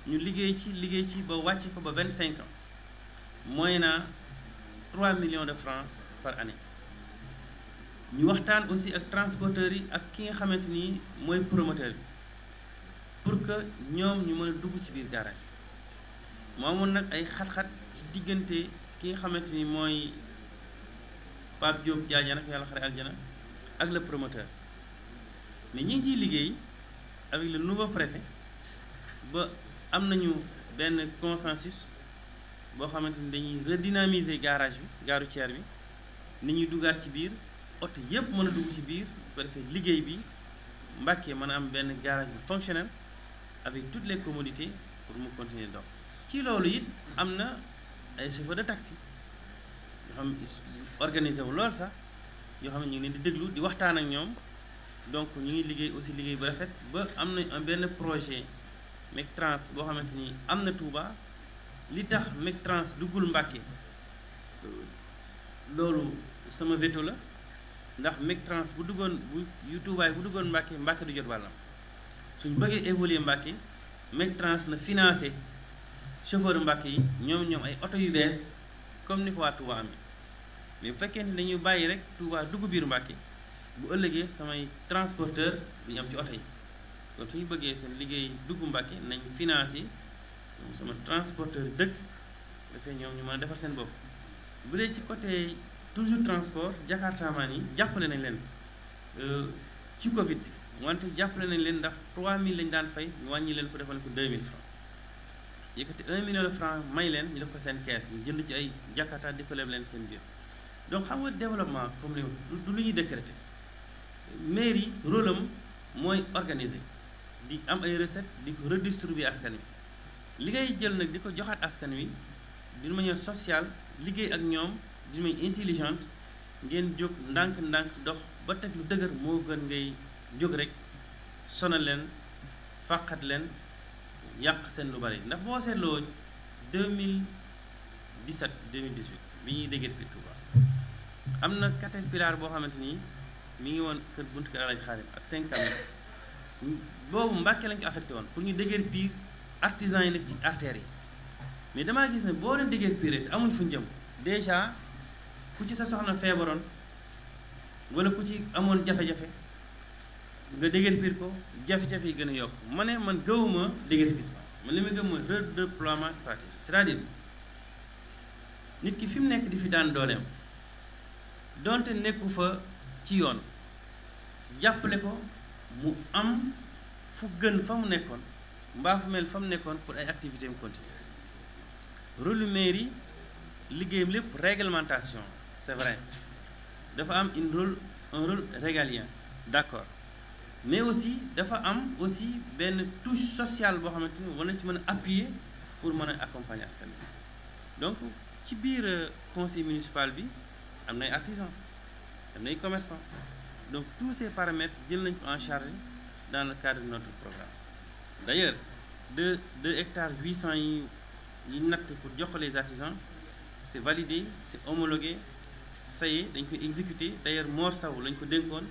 ñu liggéey ci liggéey ci ba wàcc ko ba vingt-cinq ans mooy naa trois millions de francs par année ñu waxtaan aussi ak transporteurs yi ak ki nga xamante ni mooy promoteur bi pour que ñoom ñu mën a dugg ci biir garage moo amoon nag ay xat-xat ci diggante ki nga xamante ni mooy Pape Diop Diagne nag yàlla xare aljana ak le promoteur mais ñi ngi ciy liggéey avec le nouveau préfet ba am nañu benn consensus boo xamante ni dañuy redynamiser garage bi gaaru routière bi ni ñuy dugaat ci biir oto yépp mën a dugg ci biir bu liggéey bi Mbàkke mën a am benn garage bu fonctionnel avec toute les commodités pour mu continuer dox ci loolu it am na ay chauffeur de taxi yoo xam organisé wu lool sax yoo xam ne ñu ngi di déglu di waxtaan ak ñoom donc ñu liggéey aussi liggéey ba rafet ba am na benn projet MECTRANS boo xamante ni am na Touba li tax MECTRANS duggul Mbàkke loolu sama veto la ndax MECTRANS bu duggoon bu yu Touba bu duggoon Mbàkke Mbàkke du jot wàllam suñu bëggee évoluer Mbàkke MECTRANS na financé chauffeur Mbàkke yi ñoom ñoom ay oto yu bees comme ni ko waa Touba amee mais bu fekkee ni dañuy bàyyi rek Touba dugg biir Mbàkke bu ëllëgee samay transporteur duñu am ci oto yi kon suñu bëggee seen liggéey dugg Mbàkke nañ financé ñoom sama transporteur dëkk dafee ñoom ñu mën a defar seen bopp bu dee ci côté toujours transport maan yi jàppale nañ leen euh, ci Covid bi wante jàppale nañ leen ndax 3000 lañ daan fay ñu wàññi leen ko defal ko 2000 francs yëkkati 1 million de francs may leen ñu def ko seen kees ñu jënd ci ay jakarta di ko leen seen biir donc xam nga développement comme li du lu ñuy décréter mairie rôle am mooy organiser di am ay recettes di ko redistribuer askan wi li ngay jël nag di ko joxaat askan wi di manière sociale liggéey ak ñoom d'une manière ngeen jóg ndànk-ndànk dox ba teg lu dëgër moo gën ngay jóg rek sonal leen fàqat leen yàq seen lu bari ndax boo seetloo 2017 2018 bi ñuy déggee fi am na caterpillar boo xamante ni mi ngi woon kër buntu kër Alaaji Xaadim ak cinq camions boobu Mbàkke lañ ko affecté woon pour ñu dëgër piir artisan yi nekk ci artères yi mais damaa gis ne boo leen dëgër piir rek amuñ fuñ jëm dèjà ku ci sa soxna feebaroon wala ku ci amoon jafe-jafe nga dëgër piir ko jafe-jafe yi gën a yokk ma ne man gëwuma dëgër piir man li muy gëm mooy redéploiement stratégique c'est-à-dire nit ki fi mu nekk di fi daan dooleem. donte nekku fa ci yoon jàppale ko mu am fu gën fa mu nekkoon mbaa fu mel fa mu nekkoon pour ay activités mu continuer rôle mairie liggéeyam lépp réglementation c'est vrai dafa am une rôle un rôle régalien d'accord mais aussi dafa am aussi benn touche sociale boo xamante ni war ci mën a appuyer pour mën a accompagner askan donc ci biir euh, conseil municipal bi am nay artisan am nay commerçant donc tous ces paramètres jël nañ ko en charge dans le cadre de notre programme d'ailleurs deux hectares huit cent yi yi natt pour jox ko les artisans c'est validé c'est homologué ça y dañ ko exécuté d'ailleurs Mor Sow lañ ko dénkoon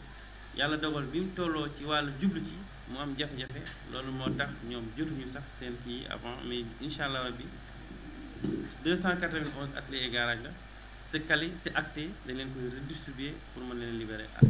yàlla dogal bi mu tolloo ci wàllu jublu ci mu am jafe-jafe loolu moo tax ñoom jotuñu sax seen kii avant mais incha allah bi cent 291 ateliers et garages la c' est calé c' acté dañ leen pour mën leen libérer ak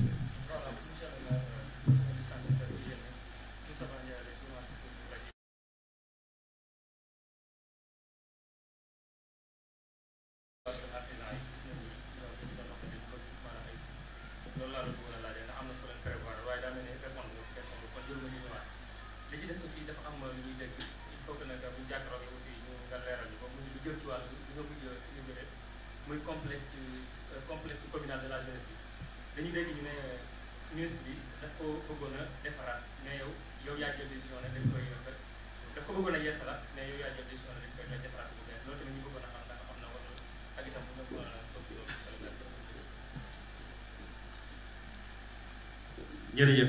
jërëjëf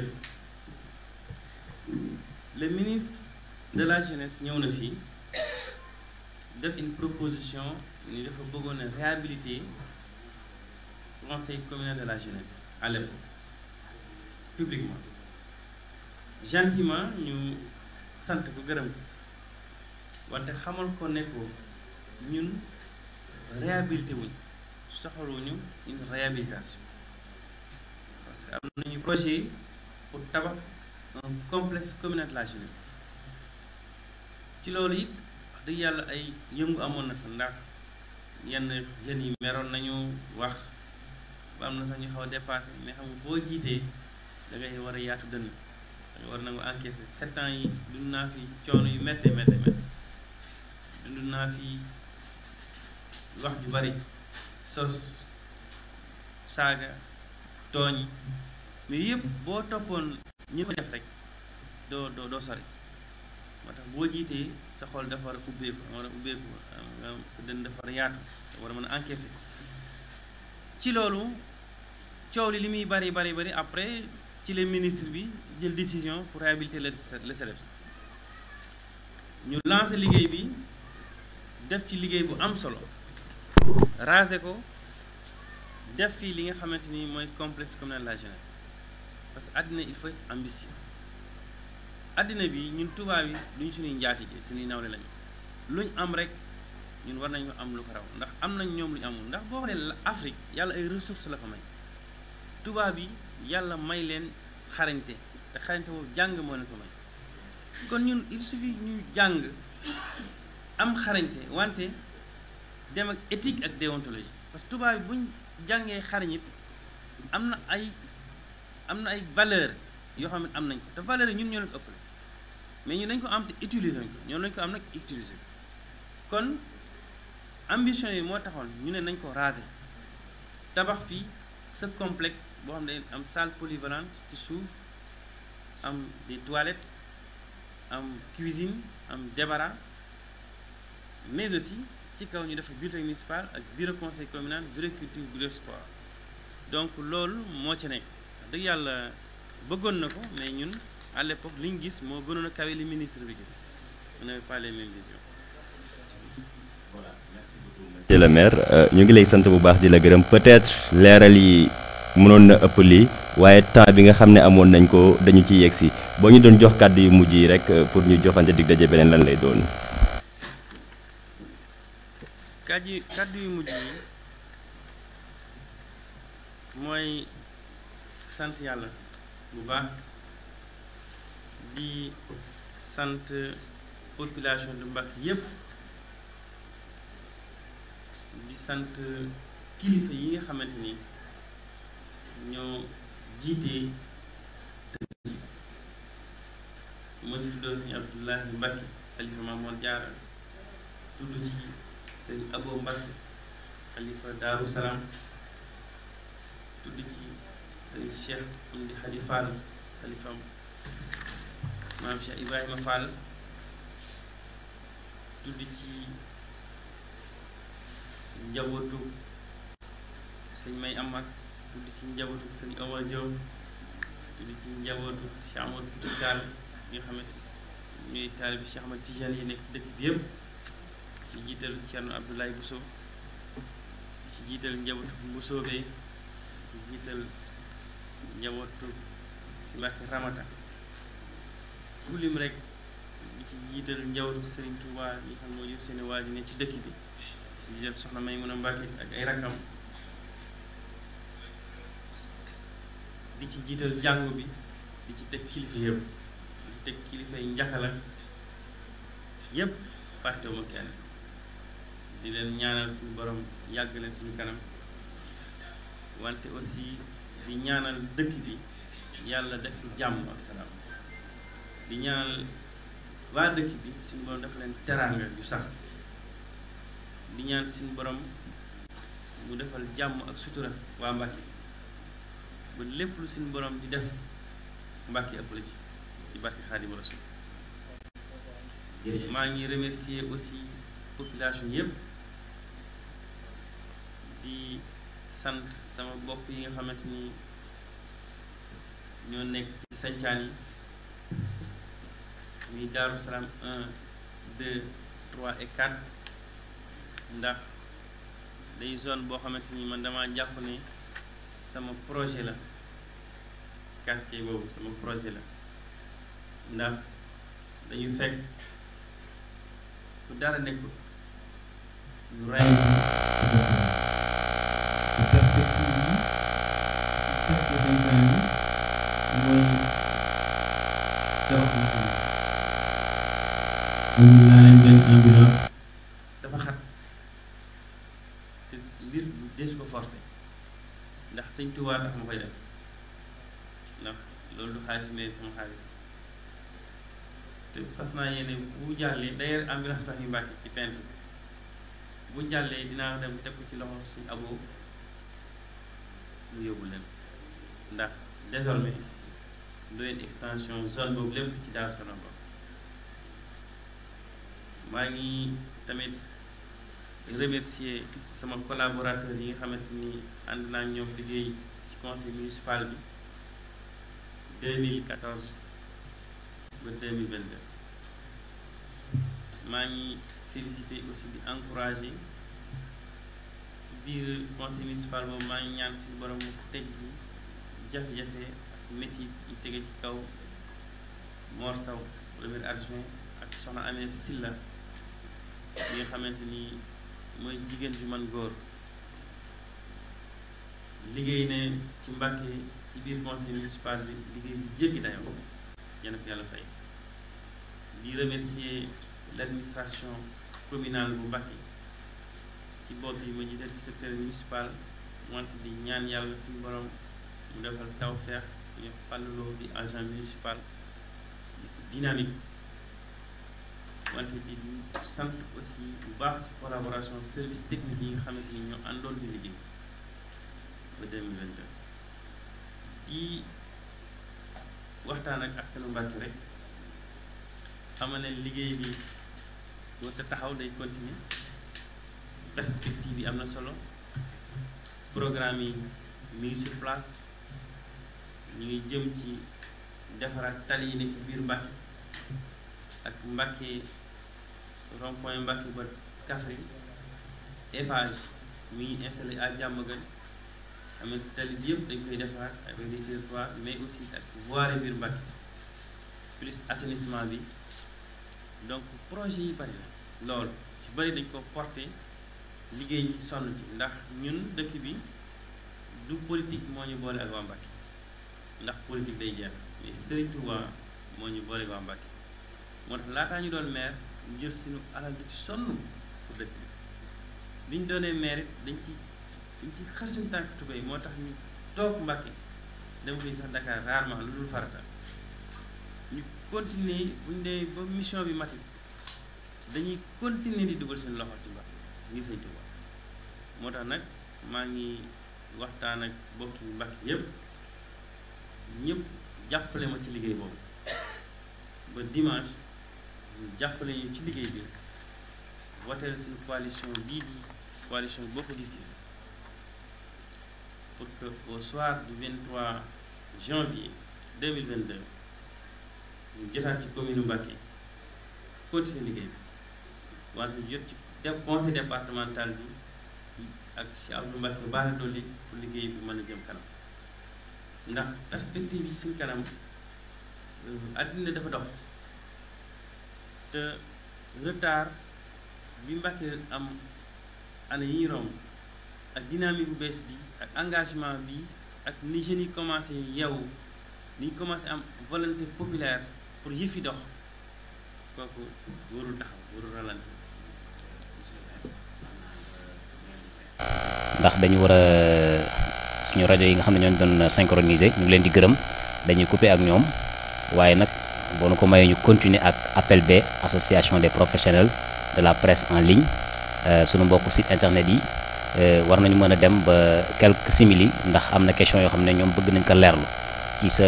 le ministre de la jeunesse ñëw na fii def une proposition ni dafa bëggoon a réhabiliter conseil communal de la jeunesse à publiquement gentiment ñu sant ko gërëm bi wante xamal ko ne ñun réhabilité wuñ soxaluñu une réhabilitation nañu projet pour tabax un complexe la jeunesse ci loolu it wax dëgg yàlla ay yëngu amoon na fa ndax yenn jeunes yi meroon nañu wax ba am na sañu ñu xaw a dépassé mais xam nga boo jiitee da ngay war yaatu dënn da nga war nangu encaissé sept yi dund naa fi coono yu métte métte métte dund naa fi wax ju bari sos saaga tooñ yooyu yëpp boo toppoon ñi ko def rek doo doo doo sori moo tax boo jiitee sa xol dafa war a ubbeeku war a ubbeeku sa dënn dafa war a war a mën a encaisser ci loolu coow li li muy bari bari bari après ci les ministre bi jël décision pour réhabiliter le CDEPS ñu lancé liggéey bi def ci liggéey bu am solo raser ko def fii li nga xamante ni mooy complexe communal de la jeunesse parce que àddina il faut ambition àddina bi ñun tubaab yi duñ suñuy njaatige seeni nawle lañu luñ am rek ñun war nañu am lu ko raw ndax am nañ ñoom lu amul ndax boo la Afrique yàlla ay ressources la ko may tubaab yi yàlla may leen xarañte te xarañte boobu jàng moo ne ko may kon ñun il suffit ñu jàng am xarañte wante dem ak éthique ak déontologie parce que tubaab yi buñ jàngee yi am na ay am na ay valeur yoo xam ne am nañ ko te valeur yi ñun ñoo leen ko ëppale mais ñu nañ ko am te utiliser ko ñoo lañ ko am nag utiliser kon ambition yi moo taxoon ñu ne nañ ko raser tabax fii ce complexe boo xam ne am salle polyvalente ci suuf am des toilettes am cuisine am débarras mais aussi ci kaw ñu def bureau municipal ak bureau conseil communal bureau culture bureau sport donc loolu moo ci nekk dëgg yàlla bëggoon na ko mais ñun à l'époque li gis moo gënoon a li ministre bi gis on n'avait pas les mêmes visions. voilà merci beaucoup monsieur le maire euh, ñu ngi lay sant bu baax di la gërëm leeral yi mënoon na ëpp lii waaye temps bi nga xam ne amoon nañ ko dañu ci yegg si boo ñu doon jox kàddu yu mujj yi rek euh, pour ñu joxante di daje beneen lan lay doon. kàddu yu mujj yi sant yàlla bu baax di sant population de Mbacké yépp di sant kilifa yi nga xamante ni ñoo jiitee dëkk moo ci tuddoo sëñ Abdoulahi Mbacké xalifa Mamoon Jaara tudd ci sëñ Abo Mbacké xalifa Daaru Salaam tudd ci sëñ Cheikh indi Xadi Fall xalifam maam Cheikh Ibrahima Fall julli ci njabootu sëñ May Amath julli ci njabootu sëñ Omar Diop julli ci njabootu Cheikh Amadou Tidiane bi nga xamante ñooy taalibi yi nekk dëkk bi yëpp ci jiital Thierno Abdoulaye Bousso ci jiital njabootu Mboussobé ci jiital njabootu ci Mbàkke Ramata ku rek di ci jiital njabootu Serigne Touba yi xam moo jur seeni waajur ne ci dëkk bi ci jiital soxna Maymuna Mbàkke ak ay rakkam di ci jiital njàngo bi di ci teg kilifa yëpp di ci teg kilifa yi njaxala yëpp fàttewuma kenn di leen ñaanal suñu borom yàgg leen suñu kanam wante aussi di ñaanal dëkk bi yàlla def fi jàmm ak salaam di ñaanal waa dëkk bi suñu borom def leen teraanga yu sax di ñaan suñu borom mu defal jàmm ak sutura waa Mbàkke ba lépp lu suñu boroom di def Mbàkke ëpp la ci ci barke Xaadimu maa ngi remercier aussi population yépp di sant sama bokk yi nga xamante ni ñoo nekk ci sancaan yi muy Daaru et ndax day zone boo xamante ni man dama jàpp ne sama projet la quartier boobu sama projet la ndax dañu fekk ku dara nekkul ñu rey ñun dafa xat te mbir deesu ko forcé ndax sëñ Tuubaa tax ma koy def ndax loolu du xaalis ne sama xaalis te fas naa yéene bu jàllee d'ailleurs ambulance baax yu mbàkk ci peintre bu jàllee dinaa dem teg ko ci loxo suñ aboo lu yóbbu leen ndax désormais doyen extension zone boobu lépp ci Daaru Salaam maa ngi tamit remercier sama collaborateur yi nga xamante ni ànd naa ñoom liggéey ci conseil municipal bi 2014 ba 2022 maa ngi féliciter aussi di encourager ci biir conseil municipal boobu maa ngi ñaan suñu borom mu teg jafe-jafe ak métit yi tege ci taw Mor Sow premier adjoint ak soxna Aminata Silla li nga xamante ni mooy jigéen ju man góor liggéey ne ci yi ci biir conseil municipal bi liggéey bi jéggi dayoo yàlla ko yàlla fay di remercier l' administration communale bu Mbàkke ci bopp yi ma jiital ci secteur municipal wante bi ñaan yàlla suñu borom mu defal tawfeex ñu fàlluloo bi agent municipal dynamique wante di sant aussi bu baax ci collaboration service technique yi nga xamante ni ñoo àndoon di liggéey ba 2022 di waxtaan ak ak askanu Mbàkke rek xamal ne liggéey bi doo te taxaw day continuer perspective yi am na solo programme yi mi ngi sur place ñu ngi jëm ci defaraat tali yi nekk biir Mbàkke ak Mbàkke rond point Mbacke ba Kaffrine Eiffage mi ngi installé à Diamaguène amee tali yëpp dañ koy defar avec les territoires mais aussi ak voirie biir Mbacke plus assainissement bi donc projet yi bari na loolu ci bari dañ ko porté liggéey ñi sonn ci ndax ñun dëkk bi du politique moo ñu boole ak waa Mbacke ndax politique day jeex mais Serigne Touba moo ñu boole ak waa Mbacke moo tax laataa ñu doon maire ñu jël suñu alal di ci sonn pour dëkk bi ñu doonee maire dañ ci dañ ci xar suñu tànk tubéy moo tax ñu toog Mbàkke dem fi sax Dakar rarement lu dul farata ñu continuer bu ñu dee ba mission bi mati dañuy continuer di dugal seen loxo ci Mbàkke ngir Sëñ Tuubaa moo tax nag maa ngi waxtaan ak bokki Mbàkke yépp ñëpp jàppale ma ci liggéey boobu ba dimanche ñu jàppale ñu ci liggéey bi wateel suñu coalition bii di coalition Bokk Gis Gis pour que au soir du 23 janvier 2022 ñu jotaat ci commune Mbacké continuer liggéey bi wante ñu jot ci conseil départemental bi ak ci Abdou Mbacké baax dolli pour liggéey bi mën a jëm kanam ndax perspective yi suñ kanam àddina euh, dafa dox te retard bi Mbàkke am année yi romb ak dynamique bu bees bi ak engagement bi ak ni jeunes yi commencé yeewu ni commencé am volonté populaire pour yëfi dox kooku warul taxaw warul ndax dañu war a suñu rajo yi nga xam ne ñoo doon synchroniser ñu leen di gërëm dañuy couper ak ñoom waaye nag boo nu ko mayee ñu continuer ak appel B association des professionnels de la presse en ligne euh, sunu mbokk site internet yi euh, war nañu mën a dem ba quelque simili ndax am na question yoo xam ne ñoom bëgg nañ ko leerlu ci sa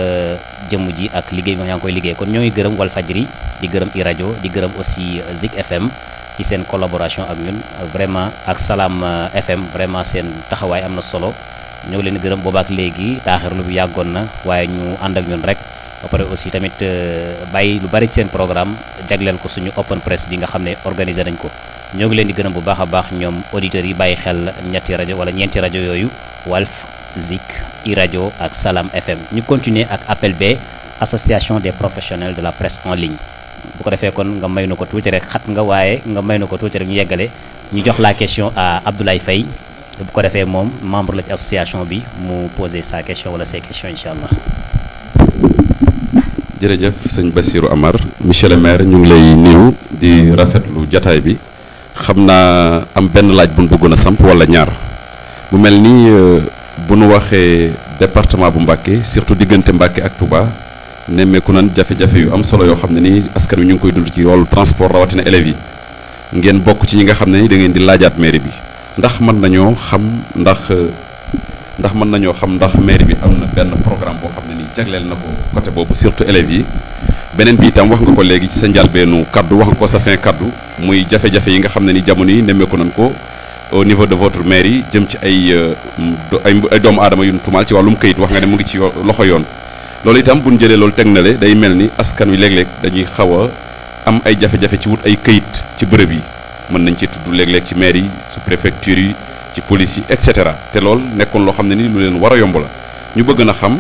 jëmm ji ak liggéey bi ñaa ngi koy liggéey kon ñoo ngi gërëm Walfadjri di gërëm i rajo di gërëm aussi Zik FM ci seen collaboration ak ñun vraiment ak salaam euh, FM vraiment seen taxawaay am na solo ñoo leen gërëm boobaak léegi taaxirlu bi yàggoon na waaye ñu ànd ak ñun ba aussi tamit euh, bàyyi lu bari ci seen programme jagleel ko suñu open press bi nga xam ne organisé nañ ko ñoo ngi leen di gërëm bu baax a baax ñoom auditeurs yi bàyyi xel ñetti rajo wala ñeenti rajo yooyu Walf Zik i rajo ak Salam FM ñu continuer ak appel B association des professionnels de la presse en ligne bu ko defee kon nga may nu ko tuuti rek xat nga waaye nga may nu ko tuuti rek ñu yeggale ñu jox la question à Abdoulaye Faye bu ko defee moom membre la association bi mu poser sa wala ses questions allah jërëjëf sëñ Bassirou Amar monsieur le maire ñu ngi lay nuyu di rafetlu jataay bi xam naa am benn laaj bu nu bëggoon samp wala ñaar mu mel ni euh, bu nu waxee departement bu Mbacké surtout diggante Mbacké ak Touba nemmeeku nan jafe-jafe yu am solo yoo xam ne nii askan wi ñu ngi koy dund ci yoolu transport rawatina élèves yi ngeen bokk ci ñi nga xam ne ni da ngeen di laajaat mairie bi ndax mën nañoo xam ndax euh, ndax mën nañoo xam ndax mairie bi am na benn programme boo xam. jagleel na ko côté boobu surtout élèves yi beneen bi itam wax nga ko léegi ci sa njalbeenu kaddu wax nga ko sa fin kaddu muy jafe-jafe yi nga xam ne ni jamono yi nemmeeku nañ ko au niveau de votre mairie jëm ci ay euh, ay doomu aadama yu tumaal ci wàllum këyit wax nga ne mu ngi ci loxo yoon loolu itam bu jëlee loolu teg na le day mel ni askan wi léeg-léeg dañuy xaw a am ay jafe-jafe ci wut ay këyit ci bërëb yi mën nañ ci tudd léeg-léeg ci maire yi su yi ci police et cetera te loolu nekkoon loo xam ne ni lu leen war a yomb ñu bëgg na xam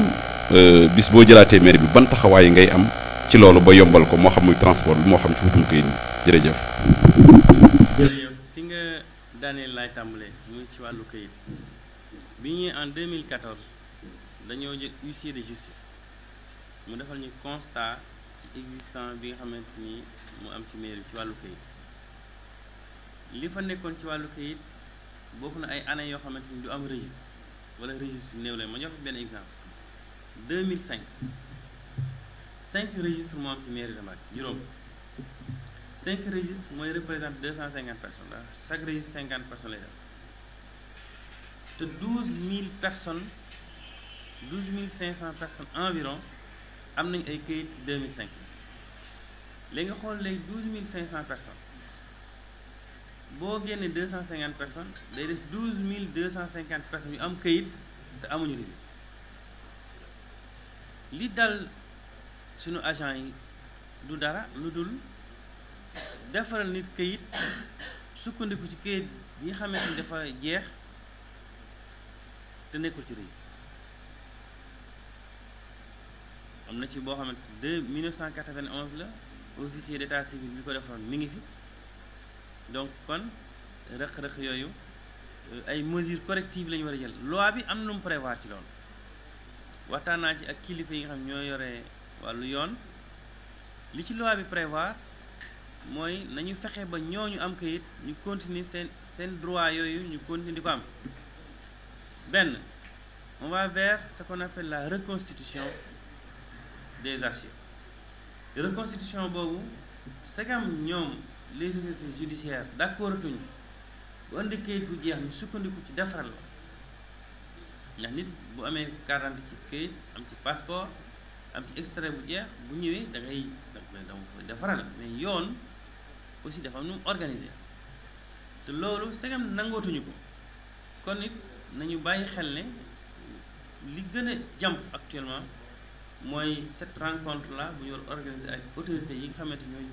Euh, bis boo jëlaatee mairie bi ban yi ngay am ci loolu ba yombal ko moo xam muy transport bi moo xam ci wutum këyit bi jërëjëf. jërëjëf fi nga daaneel lay tàmbalee muy ci wàllu këyit bi ñuy en mille 2014 dañoo jël huissier de justice mu defal ñu constat ci existant bi nga xamante ni mu am ci mairie bi ci wàllu këyit li fa nekkoon ci wàllu këyit bokk na ay années yoo xamante ni du am registre wala registre yu néew la ma jox benn exemple. mille cinq cinq moo am ci mairie de Mbacké juróom cinq registres mooy représente 250 personnes cinquante chaque registre 50 personnes lay def te 12000 personnes 12500 personnes environ am nañu ay këyit ci 2005 léegi nga xool léegi 12500 personnes boo génnee 250 personnes day def 12250 personnes yu am këyit te amuñu registre. li dal suñu agent yi du dara lu dul defaral nit këyit sukkandiku ci këyit yi nga xamante ni dafa jeex te nekkul ci registre am na ci boo xamante de 1991 la officier d'état civil bi ko defaroon mi ngi fi donc kon rëq-rëq yooyu euh, ay mesures correctives la ñu war a jël loi bi am na lu mu prévoir ci lool waxtaan naa ci ak kilifa yi nga xam ñoo yore wàllu yoon li ci loi bi prévoir mooy nañu fexe ba ñu am kayit ñu continuer seen seen droit yooyu ñu continuer di ko am benn on va vers ce qu'on appelle la reconstitution des archives reconstitution boobu segam ñoom les sociétés judiciaires d'accorduñu bu indi kayit gu jeex ñu sukkandiku ci defaral la ndax nit bu amee quarante ci këyit am ci passeport am ci extrait bu jeex bu ñëwee da ngay dama koy defaral mais yoon aussi dafa am nu mu organisé te loolu segam nangootuñu ko kon nit nañu bàyyi xel ne li gën a jàmp actuellement mooy cette rencontre la bu ñu war organiser ak autorités yi nga xamante ñooy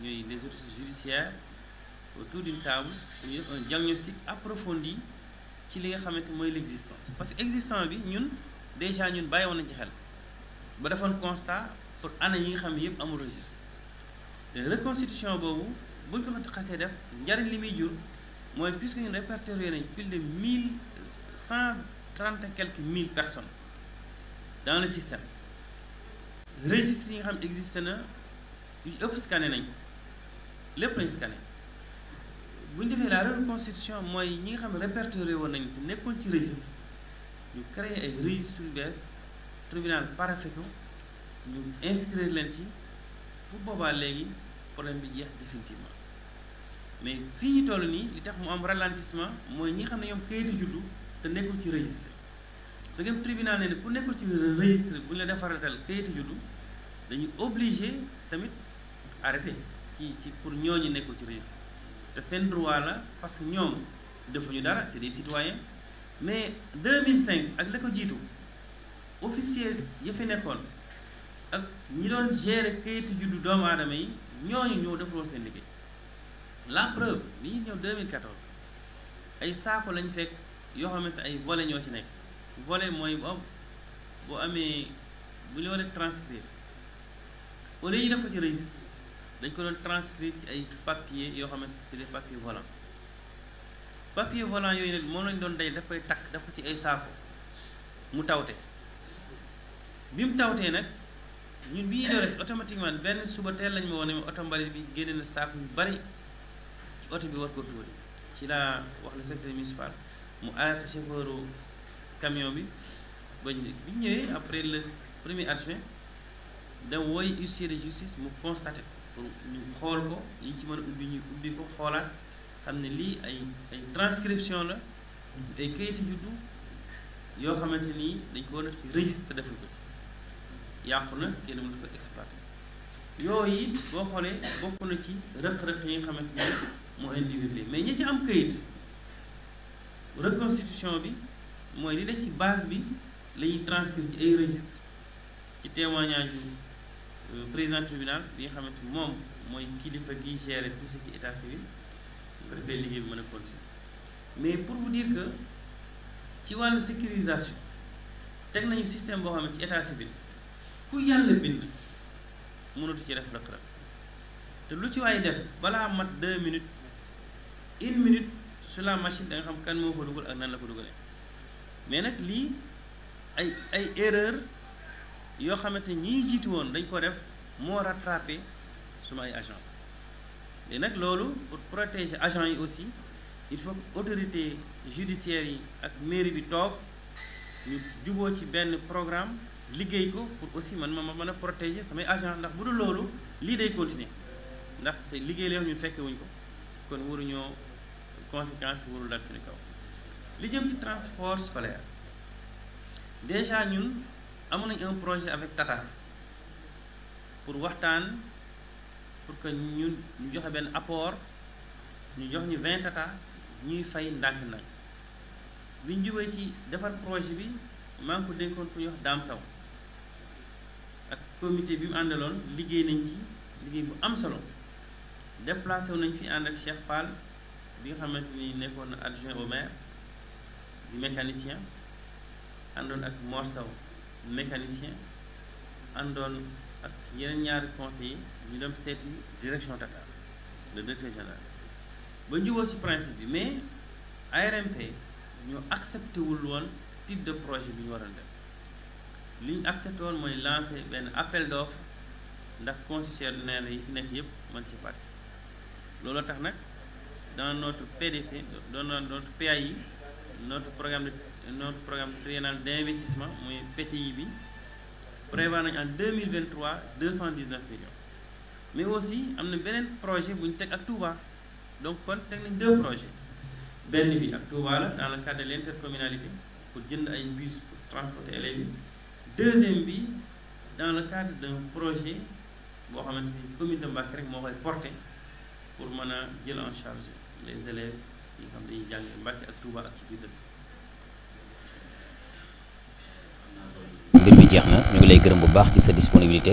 ñooy les autorités judiciaires autour d'une table dañuy def un diagnostic approfondi ci li nga xamante mooy l'existant parce que existant bi ñun déjà ñun bàyyi woon nañ ci xel ba defoon constat pour année yi nga xam ne yëpp amul registre reconstitution boobu buñ ko fa xasee def njariñ li muy jur mooy puisque ñun répertorié nañ plus de mille cent trente et quelques mille personnes dans le système yi nga xam ne na yu ëpp scanné nañ lépp lañ scanné bu ñu defee la reconstitution mooy ñi ngi xam ne répertorié woon nañu te nekkoon ci registre ñu créer ay registre yu bees tribunal parafait ko ñu inscrire leen ci pour boobaa léegi problème bi jeex définitivement mais fii ñu toll nii li tax mu am ralentissement mooy ñi xam ne ñoom kayitu juddu te nekkul ci registre parce que tribunal nee ne ku nekkul ci registre bu ñu la defaratal kayitu juddu dañuy obligé tamit arrêté ci ci pour ñooñu nekkul ci registre te seen droit la parce que ñoom defuñu dara c'est des citoyens mais 2005 ak la ko jiitu officier ya fi nekkoon ak ñi doon gérer kayitu juddu doomu aadama yi ñooñu ñoo defloo seen liggéey la preuve bi ñuy ñëw 2014 ay saako lañ fekk yoo xamante ay vole ñoo ci nekk vole mooy boobu boo amee bu ñu war a transcrire au lieu def ko ci registre. dañ ko doon transcrire ci ay papier yoo xamante c'est des papiers volants papier volant yooyu nag moom lañ doon day daf koy takk daf ko ci ay saako mu tawte bi mu tawtee nag ñun bi ñuy dores automatiquement benn suba teel lañ ma woon ne oto mbalit bi génne na saako yu bari ci oto bi war ko tuuri ci la wax le secrétaire municipal mu arrêté chauffeuru camion bi bañ bi ñëwee après le premier adjoint da woy huissier de justice mu constaté ñu xool ko yi ci mën a ubbi ñu ubbi ko xoolaat xam ne lii ay ay transcription la ay kayitu juddu yoo xamante nii dañ koo def ci registre deful ko ci yàqu na kenn mënut ko exploité yooyu boo xoolee bokk na ci rëq-rëq yi nga xamante ni moo individu mais ñi ci am kayit reconstitution bi mooy li ne ci base bi la ñuy ci ay registre ci témoignage Euh, président tribunal bi nga xamante moom mooy kilifa gi gérer tout ce qui état civil ko defee liggéey bi mën a continuer mais pour bu dire que ci wàllu sécurisation teg nañu système boo xam ne ci état civil ku yàlla bind mënatu ci def lëkkaloo te lu ci waay def balaa mat deux minutes une minute sur la machine da nga xam kan moo ko dugal ak nan la ko dugalee mais nag lii ay ay erreur yoo xamante ni ñi jiitu woon dañ ko def moo rattrapé suma ay agent léegi nag loolu pour protéger agent yi aussi il faut autorité judiciaire yi ak mairie bi toog ñu juboo ci benn programme liggéey ko pour aussi man ma mën a protéger samay agent ndax bu dul loolu lii day continuer ndax c' est liggéey la ñu fekkee wuñ ko kon waruñoo conséquence warul dal suñu kaw li jëm ci transport scolaire déjà ñun amoon nañ un projet avec Tata pour waxtaan pour que ñu ñu joxe benn apport ñu jox ñu 20 Tata ñuy fay ndànk nag bi ñu ci defar projet bi maa ko dénkoon fu ñuy wax Dame ak comité bi mu àndaloon liggéey nañ ci liggéey bu am solo déplacé wu nañ fi ànd ak Cheikh Fall bi nga xamante ni nekkoon na adjoint au maire di mécanicien àndoon ak Mor mécanicien àndoon ak yeneen ñaari conseillers ñu dem seeti direction Dakar le directeur général ba jubóo ci principe bi mais ARMP ñu accepté wul woon type de projet bi ñu waroon def li ñu accepté woon mooy lancé benn appel d'offre ndax concessionnaire yi fi nekk yëpp mën ci participer loolu tax nag dans notre PDC dans notre PAI notre programme de notre programme triennal d'investissement mooy PTI bi prévoir nañu en 2023 219 millions mais aussi am na beneen projet bu ñu teg ak Touba donc kon teg nañ deux projets benn bi ak Touba la dans le cadre de l'intercommunalité pour jënd ay bus pour transporter élèves yi deuxième bi dans le cadre d'un projet boo xamante ni commune de Mbacké rek moo koy porter pour mën a jël en charge les élèves yi xam xam dañuy jàng Mbacké ak Touba ak ci biir dëkk mbir mi jeex na ñu ngi lay gërëm bu baax ci sa disponibilité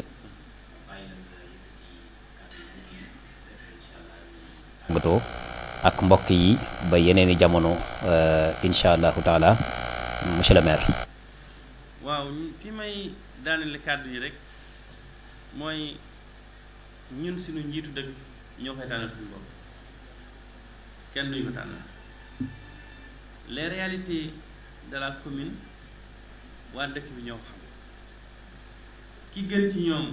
ngato ak mbokk yi ba yeneeni jamono euh, incha allahu taala monsieur le waaw fi may daaneel kàddu yi rek mooy ñun suñu njiitu dëkk ñoo koy tànnal suñu bopp kenn duñu ko commune waa dëkk bi ñoo xam ki gën ci ñoom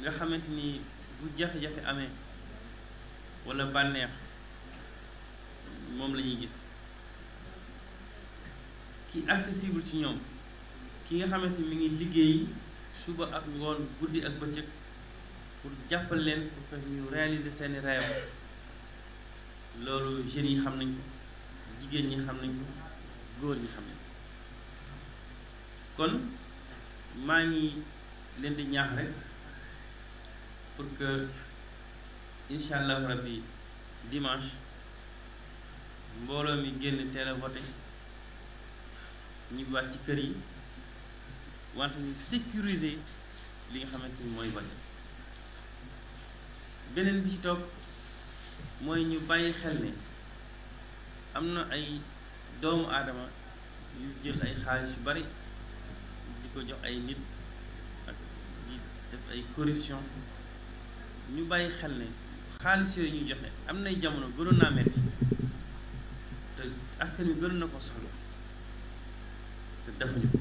nga xamante ni bu jafe-jafe amee walla bànneex moom la ñuy gis ki accessible ci ñoom ki nga xamante mi ngi liggéey suba ak ngoon guddi ak bëccëg pour jàppal leen pour que ñu réaliser seeni rêve loolu jeunes yi xam nañ ko jigéen ñi xam nañ ko góor ñi xam nañ kon maa ngi leen di ñaax rek pour que incha allah rabbi dimanche mbooloo mi génn teel a ñu wàcc ci kër yi wante ñu sécuriser li nga xamante ni mooy vote beneen bi ci toog mooy ñu bàyyi xel ne am na ay doomu aadama yu jël ay xaalis yu bari ko jox ay nit ak di def ay corruption ñu bàyyi xel ne xaalis yooyu ñu joxe am nay jamono gënoon naa metti te askan wi gënoon na ko soxla te defuñu ko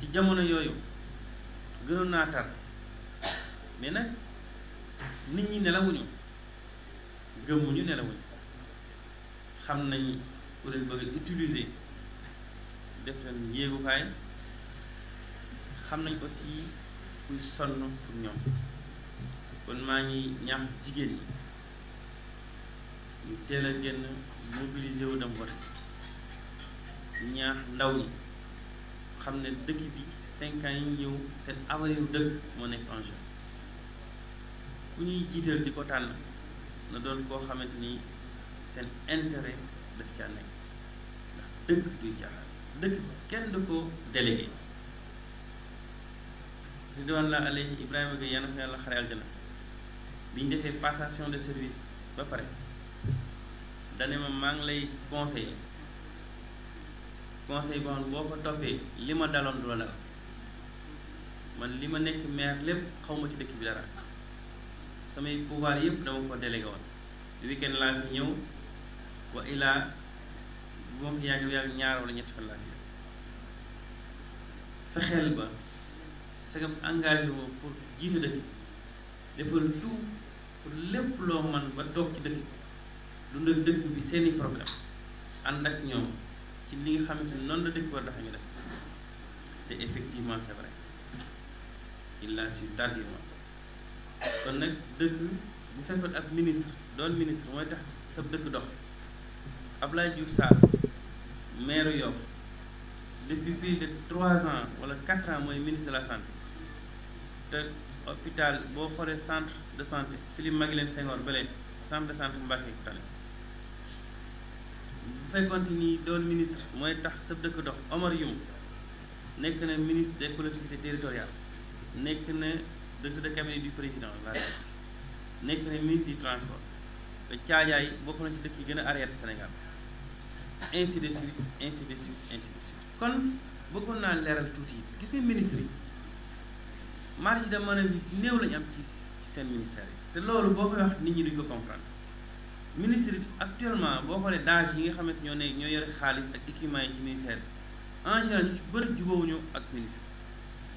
ci jamono yooyu gënoon naa mais nag nit ñi nelawuñu gëmmuñu nelawuñu xam nañ ku leen bëgg utiliser def leen yéegukaay xam nañ aussi kuy sonn pour ñoom kon maa ngi ñaax jigéen ñi ñu teel a génn mobiliser wu dem vote ñaax ndaw ñi xam ne dëkk bi cinq ans yi ñëw seen avenir dëkk moo nekk en ku ñuy jiital di ko tànn na doon koo xamante ni seen intérêt daf caa nekk ndax dëkk duy caaxaan dëkk kenn du ko délégué ridwan la alayhi ibrahima gay yàlla na ko yàlla xare aljana bi ñu defee passation de service ba pare dane ma maa ngi lay conseil conseil boo xam boo ko toppee li ma daloon du la dal man li ma nekk maire lépp xaw ma ci dëkk bi dara samay pouvoir yépp dama ko délégué weekend laa fi ñëw wa ilaa bu ma fi yàgg yàgg ñaar wala ñetti fan laa fexeel ba sagam engagé woo pour jiite dëkk defal tout lépp loo man ba toog ci dëkk dundal dëkk bi seeni problème ànd ak ñoom ci li nga xamante ni noonu la dëkk war dafa ñu def te effectivement c'est vrai yu l'a su kon nag dëkk bu fekkoon ab ministre doon ministre mooy tax sa dëkk dox ab lay Sarr maire Yoff depuis plus de trois ans wala quatre ans mooy ministre la santé te hôpital boo xoolee centre de santé Philippe Maguilène Senghor bële centre de santé Mbacké tane bu fekkonte ni doon ministre mooy tax sa dëkk dox Omar Youm nekk na ministre des collectivités territoriales nekk na dëkk de cabinet du président la nekk na ministre du transport te caajaay bokk na ci dëkk yi gën a arrière Sénégal ainsi de suite ainsi de suite ainsi de suite kon bëggoon naa leeral tuuti yi gis nga ministre yi marge de manœuvre yi néew la ñu am ci seen ministère yi te loolu boo koy wax nit ñi duñ ko comprendre ministre bi actuellement boo xoolee DAGE yi nga xamante ñoo ne ñoo yore xaalis ak équipement yi ci ministère bi en général ñu ci bëri ak ministre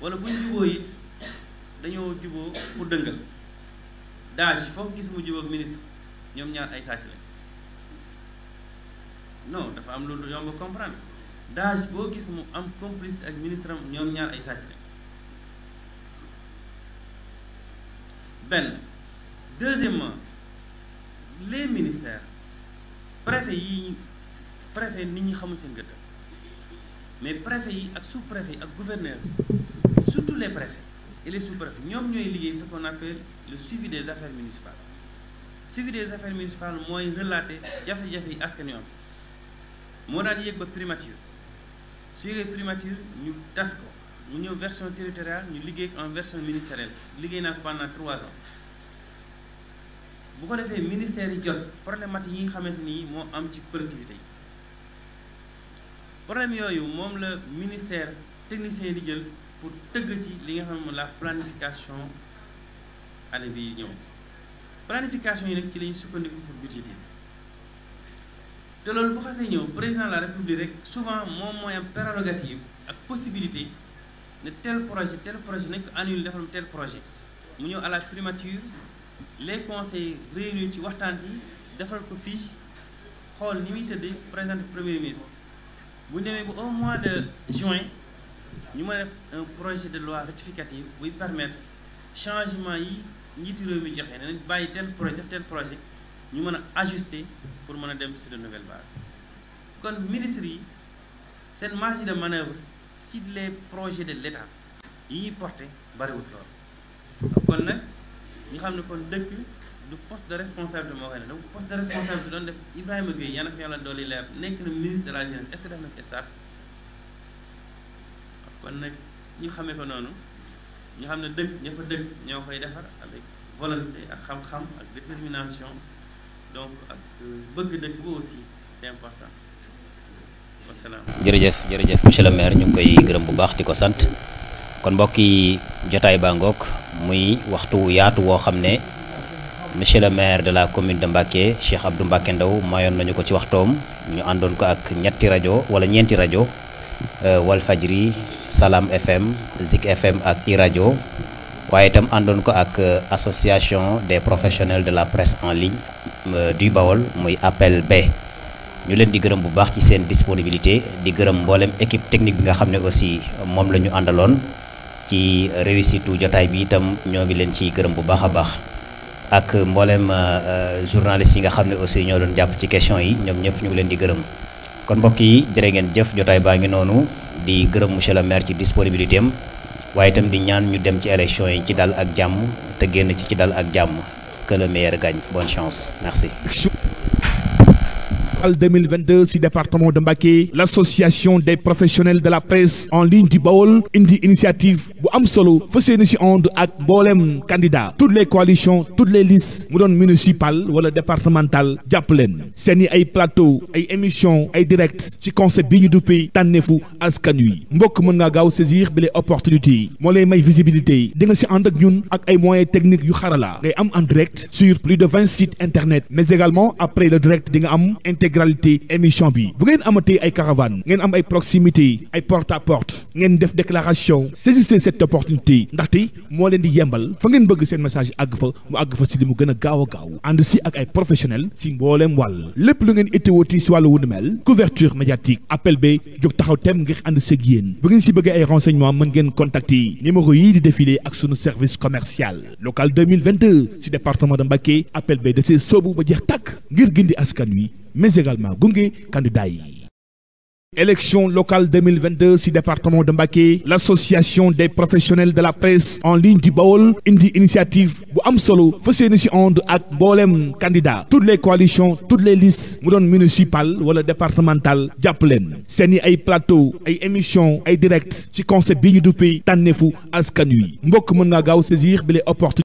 wala buñ jubóo it dañoo jubóo pour dëngal DAGE foofu gis mu jubóo ministre ñoom ñaar ay sàcc lañ non dafa am loolu yomb comprendre DAGE boo gis mu am complice ak ministre am ñoom ñaar ay sàcc lañ benn deuxièmement les ministères préfet yi préfet nit ñi xamul seen gëdd mais préfet yi ak sous-préfet yi ak gouverneur surtout les préfets et les sous-préfets ñoom ñooy liggéey ce qu'on appelle le suivi des affaires municipales suivi des affaires municipales mooy relater jafe-jafe yi askan wi moo daan yéeg ba primature su yéegee primature ñu tas ko mu ñëw version territoriale ñu liggéey en version ministérielle liggéey naa ko pendant trois ans bu ko defee ministère yi jot problématique yi nga xamante nii moo am ci collectivité yi problème yooyu moom la ministère technicien di jël pour tëgg ci li nga xam ne la planification année bi ñëw planification yi nag ci la sukkandiku pour budgétiser te loolu bu xasee ñëw président la république rek souvent moom mooy am prérogative ak possibilité ne tel projet tel projet nañ ko annulé defal tel projet mu ñëw à la primature les conseils réunis ci waxtaan yi defal ko fiche xool ni muy tëddee présenté premier ministre bu ñu demee ba au mois de juin ñu mën a un projet de loi rectificative buy permettre changement yi njiitu réew mi joxe nañ bàyyi tel projet def tel projet ñu mën a ajuster pour mën a dem sur de nouvelles bases kon ministres yi seen marge de manœuvre ci les projets de l'État yi ñuy porté bariwul lool kon nag ñu xam ne kon dëkk du poste de responsabilité moo xam ne donc poste de responsabilité doon def Ibrahima Gueye yàlla na ko yàlla dolli leer nekk na ministre de la jeunesse est-ce que kon nag ñu xamee ko noonu ñu xam ne dëkk ña fa dëkk ñoo koy defar avec volonté ak xam-xam ak détermination donc ak euh, bëgg dëkk boobu aussi c'est important jërëjëf jërëjëf monsieur le maire ñu ngi koy gërëm bu baax di ko sant kon mbokk yi jotaay bàngook muy waxtu yaatu woo xam ne monsieur le maire de la commune de Mbacké Cheikh Abdou Mbacké Ndao mayoon nañu ko ci waxtoom ñu àndoon ko ak ñetti rajo wala ñeenti rajo euh, Walfajri Salam FM Zik FM ak i rajo waaye itam àndoon ko ak euh, association des professionnels de la presse en ligne euh, du Bawol muy appel B ñu leen di gërëm bu baax ci seen disponibilité di gërëm mboolem équipe technique bi nga xam ne aussi moom la ñu àndaloon ci réussite jotaay bi itam ñoo ngi leen ci gërëm bu baax a baax ak mboolem euh, journaliste yi nga xam ne aussi ñoo doon jàpp ci question yi ñoom ñëpp ñu ngi leen di gërëm kon mbokk yi jërë ngeen jëf jotaay baa ngi noonu di gërëm monsieur le maire ci disponibilité am waaye itam di ñaan ñu dem ci élection yi ci dal ak jàmm te génn ci ci dal ak jàmm que le meilleur gagne Al 2022 ci département de Mbacké l'association des professionnels de la presse en ligne du Baol indi initiative bu am solo fa seeni ci ànd ak mboolem candidat toutes les coalitions toutes les listes mu doon municipal wala départemental jàpp leen seeni ay plateau ay émission ay direct ci conseil bi ñu duppee tànneefu askan wi mbokk mën ngaa gaaw saisir bi les opportunités moo lay may visibilité yi nga ci ànd ak ñun ak ay moyen technique yu xarala ngay am en direct sur plus de vingt sites internet mais après le direct di nga am intégralité émission bi bu ngeen amatee ay caravane ngeen am ay proximité ay porte à porte ngeen def déclaration saisissez cette opportunité ndaxte moo leen di yembal fa ngeen bëgg seen message àgg fa mu àgg fa si li mu gën gaaw a gaaw ànd si ak ay professionnel si mbooleem wàll lépp lu ngeen ittewooti si wàllu wu ni mel couverture médiatique appel ba jóg taxaw tem ngir ànd seeg yéen bu ngeen si bëggee ay renseignements mën ngeen contacter numéro yii di défilé ak sunu service commercial local 2022 si département de Mbacké appel ba da see soobu ba jeex ngir gindi askan wi mais également gunge candidat yi. élection locale 2022 ci département de Mbacké l'association des professionnels de la presse en ligne du Baol indi initiative bu am solo fa seeni ci ànd ak mboolem candidat toutes les coalitions toutes les listes mu doon municipal wala départemental jàpp leen seeni ay plateau ay émissions ay direct ci concept bi ñu duppee tànneefu askan wi mbokk mën ngaa gaaw saisir bi les